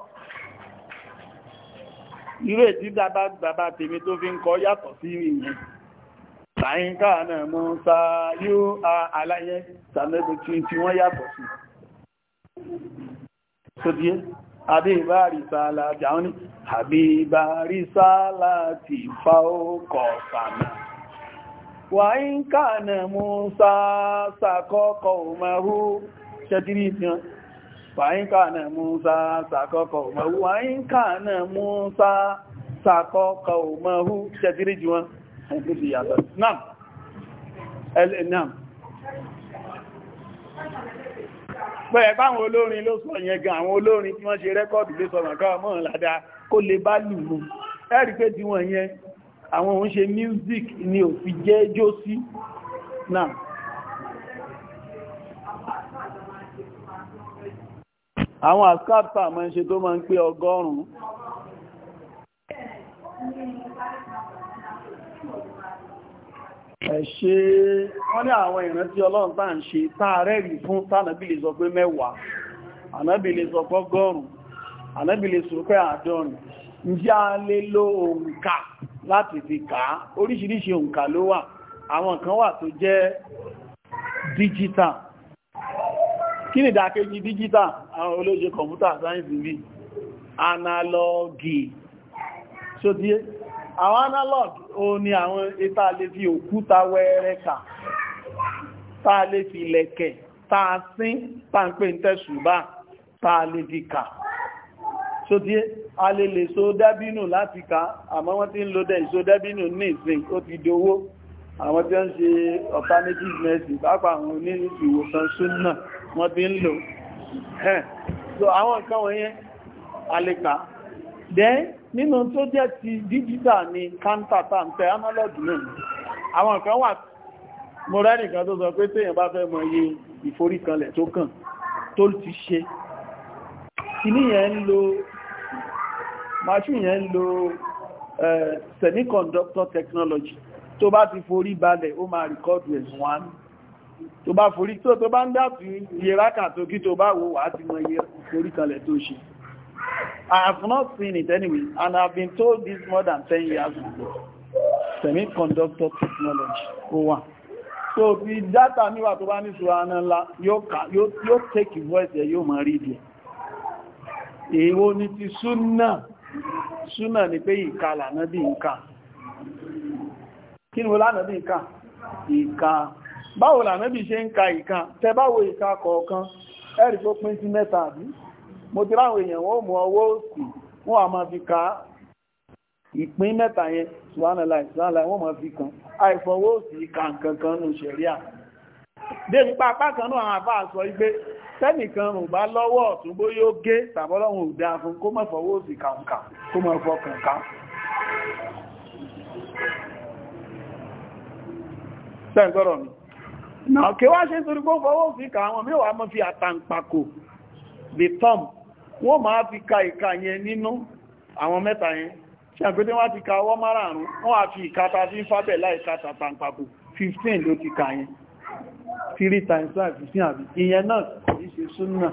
irú ètí bàbá bàbá tèmi tó fi ń kọ yàtọ̀ sí ìyẹn ṣàyínká náà mọ́ sa yóò aláyẹ sàmẹ́gbẹ̀ tí tí wọ́n yàtọ̀ sí sódíé àbíbá rìsàlá jàun ní àbíbá rìsàlá ti fa ókọ̀ sàmà wà ń ká náà mọ́ sa sàkọ́kọ̀ òmàrú ṣẹ́dírí ìfihàn fàyínká Musa sàkọ́kọ̀ òmọ̀hú Musa sàkọ́kọ̀ òmọ̀hú ṣẹ̀tírí jù wọn ẹgbẹ́ ti yàtọ̀ náà ẹlẹ́nàm pẹ̀ẹ̀ báwọn olórin ló sọ yẹn gan àwọn olórin tí wọ́n ṣe rẹ́kọ́ọ̀dù lé sọ̀rọ̀ káwọn mọ́ ládá kó lè bá lù mú ẹ̀rí pé tí wọ́n yẹn àwọn òun ṣe music ni ò fi jẹ́ jó sí náà àwọn àkápà máa ń ṣe tó máa ń pé ọgọ́rùn-ún ẹ̀ṣẹ́ wọ́n ní àwọn ìrántí ọlọ́run tá ń ṣe táàrẹ́ rí fún tánàbílì sọ pé mẹ́wàá ànábìlì sọ pé ọgọ́rùn-ún ànábìlì sọ pé àádọ́rin ǹjẹ́ a lè lo òǹkà láti fi kà á oríṣiríṣi òǹkà ló wà àwọn kan wà tó jẹ́ díjítà kí ni ìdàkejì díjítà àwọn olóòṣe kọ̀mpútà sáyẹ́nsì bí analogi so tí àwọn analog o ní àwọn ìta lè fi òkúta wẹ́rẹ́ kà ta lè fi lẹ̀kẹ̀ ta sín pàǹpẹ́ ìtẹ́ṣùbá ta lè fi kà so tí a lè lè so dẹ́bínù láti kà àmọ́ wọ́n ti ń lo dẹ̀ ìso dẹ́bínù ní ìsìn ó ti dowó àwọn tí ó ṣe alternative medicine pápá àwọn oníṣìwòsàn súnnà wọ́n ti ń lò so àwọn nǹkan wọ̀nyẹn alẹ́ka then nínú tó jẹ́ ti díjítà ní kántàtà ń tẹ analog náà àwọn nǹkan wà mo rẹ́ nìkan tó sọ pé téèyàn bá fẹ́ mọ iye ìforíkanlẹ̀ tó kàn tó ti ṣe lo machine yẹn lo eh, semiconductor technology tó bá ti forí balẹ̀ ó máa record as tó bá forí tó tó bá ń dàtí yẹráka tó kí tó bá wo wà á ti mọ iye forí kalẹ̀ tó ṣe I have not seen it anyway and I have been told this more than 10 years ago semiconductor technology ó wà so bí data níwà tó bá ní ṣùgbọ́n aná ńlá yóò take voice there, yóò máa rí ìdí èwo ni ti súnà súnà ni pé ìka lànà bí ìka kí ni wọ́n lánà bí ìka ìka báwo lànẹ́bì ṣe ń ka ìkan tẹ báwo ìka kọ̀ọ̀kan ẹ̀rì tó pín sí mẹ́ta àbí mo ti ráwọn èèyàn wọ́n mú ọwọ́ òsì wọ́n a máa fi ka ìpín mẹ́ta yẹn ṣùgbọ́nàlá ìṣùgbọ́nàlá wọ́n máa fi kan àìfọwọ́ òsì ìka nǹkan kan nù ṣẹ̀ríà débi pa apá kan náà àwọn àbá sọ wípé tẹ́nìkan rùn bá lọ́wọ́ ọ̀tún bó yóò gé tàbọ́lọ́run ò fún kó má fọwọ́ òsì kàǹkà kó má fọkàn ká sẹ́ǹgbọ́rọ̀ mi náà kí wá ṣe torí kó fọwọ́ fi kà àwọn mẹ́wàá mọ́ fi àtàǹpàkò lè tọ́m wọ́n máa fi ka ìka yẹn nínú àwọn mẹ́ta yẹn ṣe àgbẹ́dẹ́ wá ti ka ọwọ́ márààrún wọ́n á fi ìkata fi ń fábẹ̀ láìka tàtàǹpàkò 15 ló ti ka yẹn 3 times 5 15 àbí ìyẹn náà kìí ṣe súnà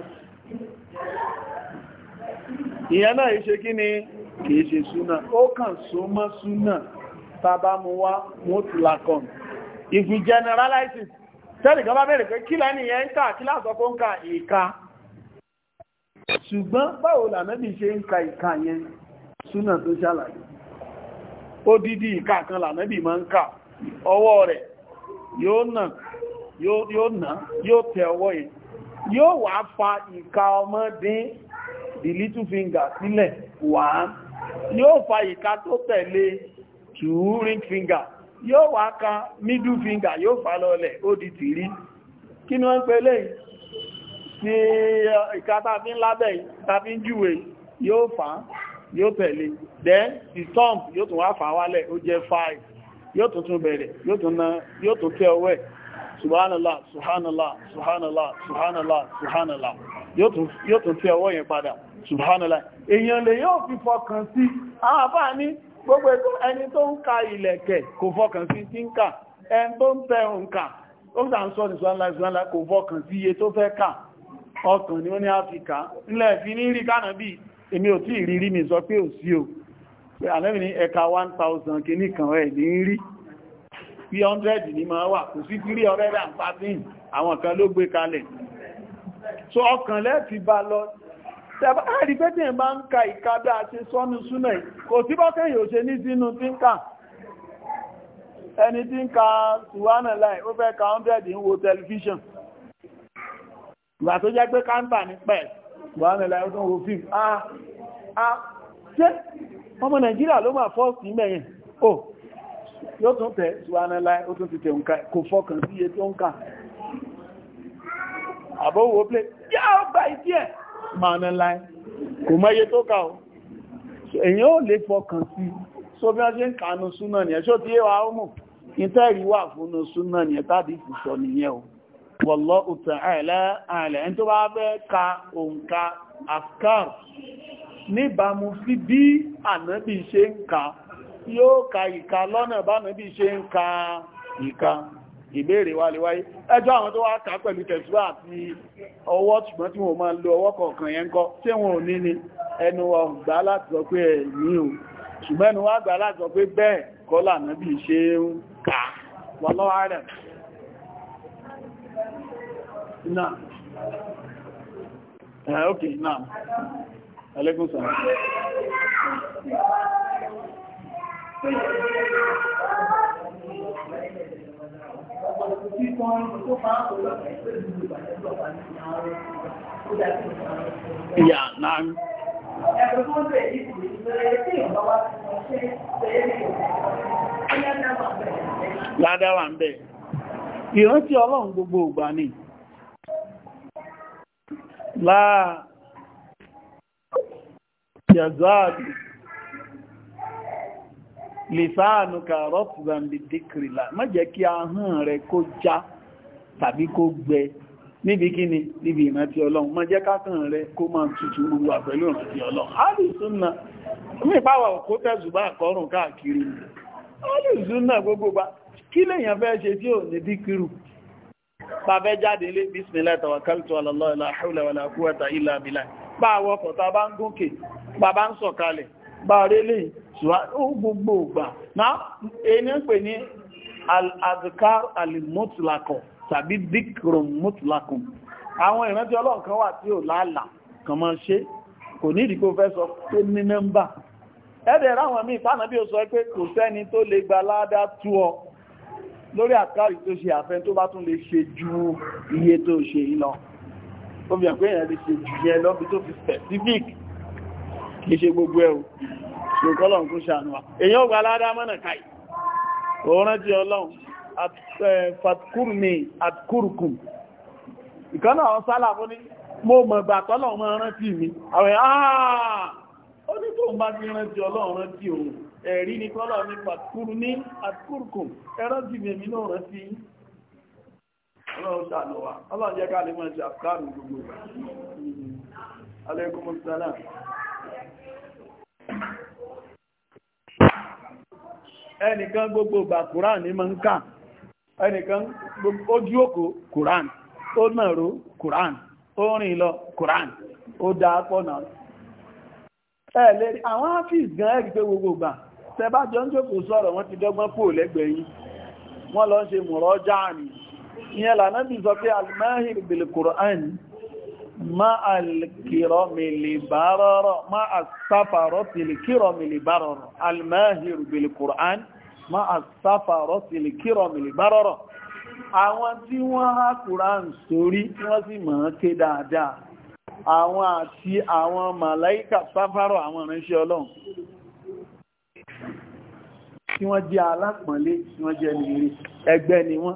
ìyẹn náà ìṣe kí ni kìí ṣe súnà ó kàn so mọ́ súnà tàbá mú wá mọ́tùlákọ̀n if we generalize it tẹ́nìkan bá bẹ̀rẹ̀ pé kí lẹ́ni yẹn ń kà kí láàsọ kó ń ka ìka ṣùgbọ́n báwo lànàbì ṣe ń ka ìka yẹn súnà tó ṣàlàyé odidi ìka kan lànàbì máa ń kà ọwọ́ rẹ̀ yóò nà yóò tẹ ọwọ́ yẹn yóò wá fa ìka ọmọdé the little finger sílẹ̀ wá yóò fa ìka tó tẹ̀lé two ring finger yóò wá middle finger yóò fà lọlẹ̀ ó di tìrí kí ni wọ́n ń pè lè ní uh, ìka tàbí lábẹ́ tàbí júwe yóò fà yóò tẹ̀lé then the thumb yóò tún wá fà wálẹ̀ ó jẹ́ 5 yóò tún tún bẹ̀rẹ̀ yóò tún tẹ́ ọwẹ́ subhanallah subhanallah subhanallah subhanallah yóò tún tẹ́ ọwọ́ yẹn padà subhanallah èèyàn lè yóò fi fọkàn sí àwọn àbá ní gbogbo ẹni tó ń ka ìlẹ̀kẹ̀ kò fọkàn sí tí ń kà ẹni tó ń tẹ òǹkà ó sà ń sọ ní ṣọ́nlá ìṣọ́nlá kò fọkàn sí iye tó fẹ́ kà ọkàn ni ó ní áfíkà nílẹ̀ fi ní rí kánà bí èmi ò tí ìrírí mi sọ pé ò sí o pé ní ẹka 1000 kìíní kan ẹ̀ ní rí 300 ní máa wà kò sí 313 àwọn kan ló gbé kalẹ̀ so ọkàn lẹ́ẹ̀ ti bá lọ tẹ̀bá àrí pé tí ìbá ń ka ìka bí a ṣe sọ́nu súnà kò sí bọ́kẹ́ yóò ṣe ní sínú tí ń kà ẹni tí ń ka suwana line ó fẹ́ ka 100 ń tẹlifíṣàn ìgbà jẹ́ pé káńtà ní pẹ̀ suwana line ó tún wo fíìmù ah ah yá ọgbà ìdí ẹ̀ máa láì kò mẹ́yẹ tó ká o èyàn ò lè fọkàn sí so bí wọ́n ṣe ń kànú súnà nìyẹn ṣó tí yíwa ó mù ìtẹ́rí wà fún súnà nìyẹn tàbí ìfìsọ nìyẹn o wallahu ta'ala àìlẹ̀ ẹni tó ka òǹkà afkar níbàmú sí bí ànábì ṣe ń ka yóò ka ìka lọ́nà bá ànábì ṣe ìka ìbéèrè wà lè wáyé ẹjọ́ àwọn tó wá kà pẹ̀lú tẹ̀síwá àti ọwọ́ ṣùgbọ́n tí wọ́n máa lo ọwọ́ kọ̀ọ̀kan yẹn kọ́ tí wọ́n ò ní ni ẹnu wa gbà láti sọ pé ẹ̀yìn o ṣùgbọ́n ẹnu wa gbà láti sọ pé bẹ́ẹ̀ kọ́ lànà bí ṣe ń kà wọ́n lọ́wọ́ rẹ̀ ok náà ẹlẹ́gùn sọ̀rọ̀ ya náà. Ẹ̀kùn tó ń ya. na bẹ̀. Ìrántí ọlọ́run gbogbo ìgbà ni. Láà Yàzáàdì lìsáànùkà rọ́pùdàn lè dékìrìlà má jẹ́ kí ahọ́n rẹ̀ kó já tàbí kó gbẹ níbi ni níbi ìrántí ọlọ́run má jẹ́ kákàn rẹ̀ kó máa tutù gbogbo àpẹ̀lú ìrántí ọlọ́run alìsúnà ní ìpáwà òkú tẹ́sùbá àkọrùn káàkiri alìsúnà gbogbo bá kí lèyàn fẹ́ ṣe tí ò ní díkìrù bàbẹ́ jáde ilé bísmìlá tàwàkálùtù alàlọ́ ìlà àhúlẹ̀wàlà kúwàtà ìlà àbìlà bá àwọkọ̀ gbogbo ògbà náà ẹni ń pè ní al-azkar al-mutlaqo tàbí dikron mutlaqo àwọn ìrántí Ọlọ́run kan wà tí ò láàlà kan máa ṣe kò ní ìdíkò fẹ́ sọ tó ní nọ́mbà ẹ̀dẹ̀ ráwọn míì fánà bí ó sọ pé kò sẹ́ni tó lè gba ládá tú ọ lórí àkárì tó ṣe àfẹ́ tó bá tún lè ṣe ju iye tó ṣe ìlọ ó fi hàn pé èèyàn lè ṣe jù yẹn lọ́bi tó fi specific kì í ṣe gbogbo ẹ̀rù lókọ́lọ̀ kún ṣàánú wa èyàn ògbà aládámọ́nà káì òórán jí ọlọ́run fatkurmi eh, atkurkum ìkọ́nà àwọn sálà fún ní mo mọ̀ bà tọ́lọ̀ mọ́ rántí mi àwẹ̀ àà ó ní tó ń bá ti rántí ọlọ́run rántí òun ẹ̀rí ní kọ́lọ̀ ní fatkurmi atkurkum ẹrántí mi èmi náà rántí ọlọ́run ṣàánú wa ọlọ́run jẹ́ ká lè mọ́ ṣe àfikàrù gbogbo ẹnìkan gbogbo ìgbà Kùránì ní ma ń kà ẹnìkan ojú òkò Kùránì ó nàró ó rìn lọ Kùránì ó dá pọ̀nà ẹ̀lẹ́rí àwọn áfíìs gan ẹ̀rí pé gbogbo ìgbà tẹbá jọ ń jókòó sọ̀rọ̀ wọ́n ti dọ́gbọ́n pò wọ́n lọ ń ṣe mọ̀rọ̀ ìyẹn lànà máa sáfàrọ́ tìlì kírọ̀ mìlì bárọ̀rọ̀ alìmáhìrù bìlì kùrán máa sáfàrọ́ tìlì kírọ̀ mìlì bárọ̀rọ̀ àwọn tí wọ́n há kùrán sórí wọ́n sì máa ké dáadáa àwọn àti àwọn màláíkà sáfàrọ̀ àwọn ìrìnṣẹ́ ọlọ́run tí wọ́n jẹ́ alápọ̀nlé tí wọ́n jẹ́ ẹgbẹ́ ni wọ́n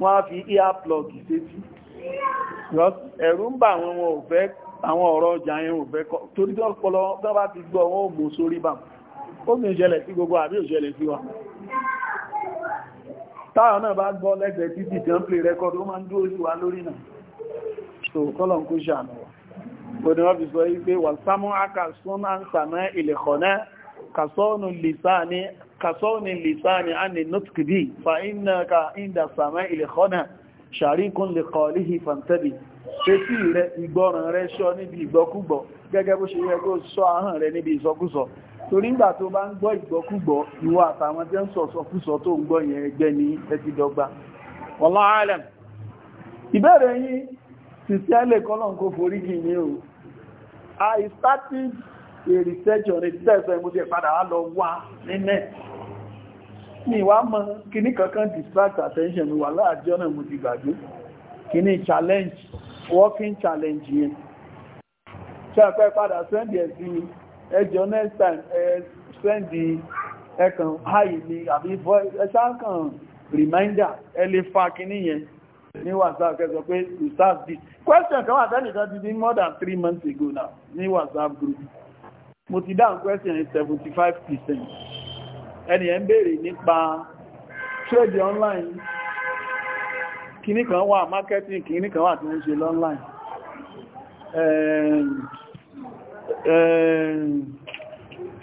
wọ́n á fi earplug sétí ẹ̀rù ń bà wọn wọn ò fẹ́ àwọn ọ̀rọ̀ ọjà yẹn ò fẹ́ torí tó pọlọ tó bá ti gbọ́ wọn ò mú sórí bà ó sì ń ṣẹlẹ̀ sí gbogbo àbí ò sí wa táwọn so kọ́lọ̀ ń kó ṣàánú wa òdìwọ́n fi sọ wípé wà sámú kasọ́ọ̀nù lìsáàni kasọ́ọ̀nì lìsáàni àni nọ́tìkìdì fa iná ka inda sàmà ilẹ̀kọ́nà ṣàríkún lè kọ̀ọ̀lìhì fàntẹ́bì etí rẹ ìgbọ́ràn rẹ ṣọ́ níbi ìgbọ́kúgbọ́ gẹ́gẹ́ bó ṣe yẹ kó ṣọ́ ahọ́n rẹ níbi ìsọkúsọ torí ńgbà tó bá ń I started èrì tẹ́jọ rẹ̀ tẹ́ẹ̀sẹ̀ mo ti padà wá lọ wá nílẹ̀ ní wá mọ́ kìíní kankan distract attention mi wà láàájọ́ náà mo ti gbàgbé kìíní challenge walking challenge yẹn ṣe àpẹ́ padà send ẹ̀ sí ẹjọ́ next time ẹ send ẹkàn high ni àbí ẹṣákan reminder ẹ lè fa kìíní yẹn ní whatsapp kẹsọ pé you start this question kan wà tẹ́nìkan ti di more than three months ago now ní whatsapp group mo ti dáhùn question ní 75 percent ẹni ẹ̀ ń béèrè nípa trade online kìíní kan wà marketing kìíní kan wà tí wọ́n ṣe online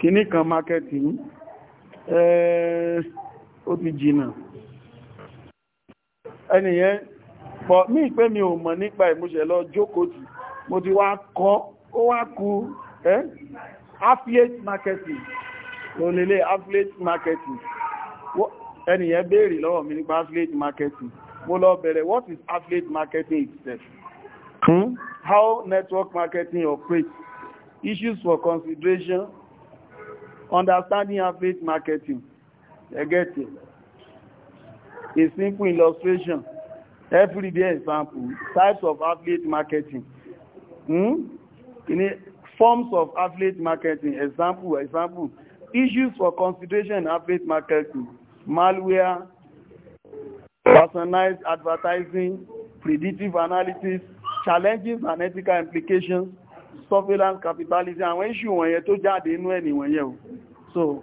kìíní kan marketing ó ti jìnà ẹniyẹn pọ̀ mí pé mi ò mọ̀ nípa ìmúṣẹ̀ lọ mo ti wá kọ́ ó wá kú ẹ́ affiliate marketing tó lélẹ̀ affiliate marketing ẹniyàn béèrè lọ́wọ́ mi nípa affiliate marketing mo lọ bẹ̀rẹ̀ what is affiliate marketing itself hmm? how network marketing operates issues for consideration understanding affiliate marketing ẹgẹ́tì a simple illustration everyday example types of affiliate marketing hmm? Forms of affiliate marketing, example, example, issues for consideration in affiliate marketing, malware, personalized advertising, predictive analysis, challenges and ethical implications, surveillance capitalism, And when wọ̀nyẹn tó to inú ẹni wọ̀nyẹn anyone. So,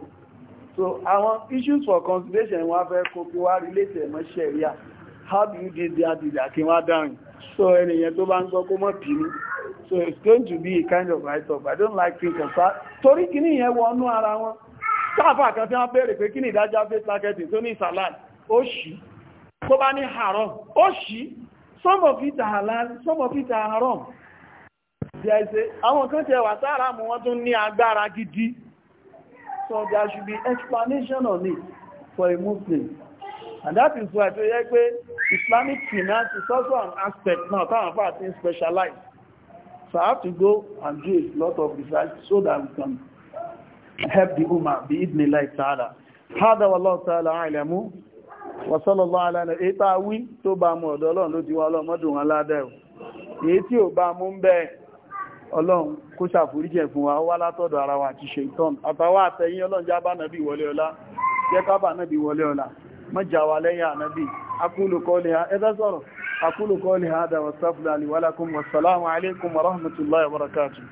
so our issues for consideration were fẹ́ kó kí wá relate How do you deal with that? Kí wá dáhùn? so ènìyàn tó bá ń gbọ́ kó mọ́ bínú so it's going to be a kind of write off i don't like things like that torí kí ni ìyẹn wọnú ara wọn sáàfà kan tí wọ́n béèrè pé kí ni ìdájọ́ face marketing tó ní salad ó ṣì tó bá ní haram ó ṣì some of it are halal some of it are haram there is a àwọn kan tẹ wà sára mú wọn tún ní agbára gidi so there should be explanation on it for a Muslim and that is why to yẹ Islamic finance is also an aspect now táwọn fà ti specialize so I have to go and do a lot of research so that we can help the ummah بإذن الله تعالى هذا والله تعالى أعلم وصلى الله على نبينا ètà wí to bá mú ọ̀dọ̀ Ọlọ́run lo ti wá ọlọ́mọdún aládẹ́ èyí tí ò o ba mu bẹ́ẹ̀ ọlọ́run kó ṣàforíjẹ̀ fún wa wá latodo ara wa مجاوى لي نبي أقول قولي هذا صرف أقول قولي هذا واستغفر لي ولكم والسلام عليكم ورحمة الله وبركاته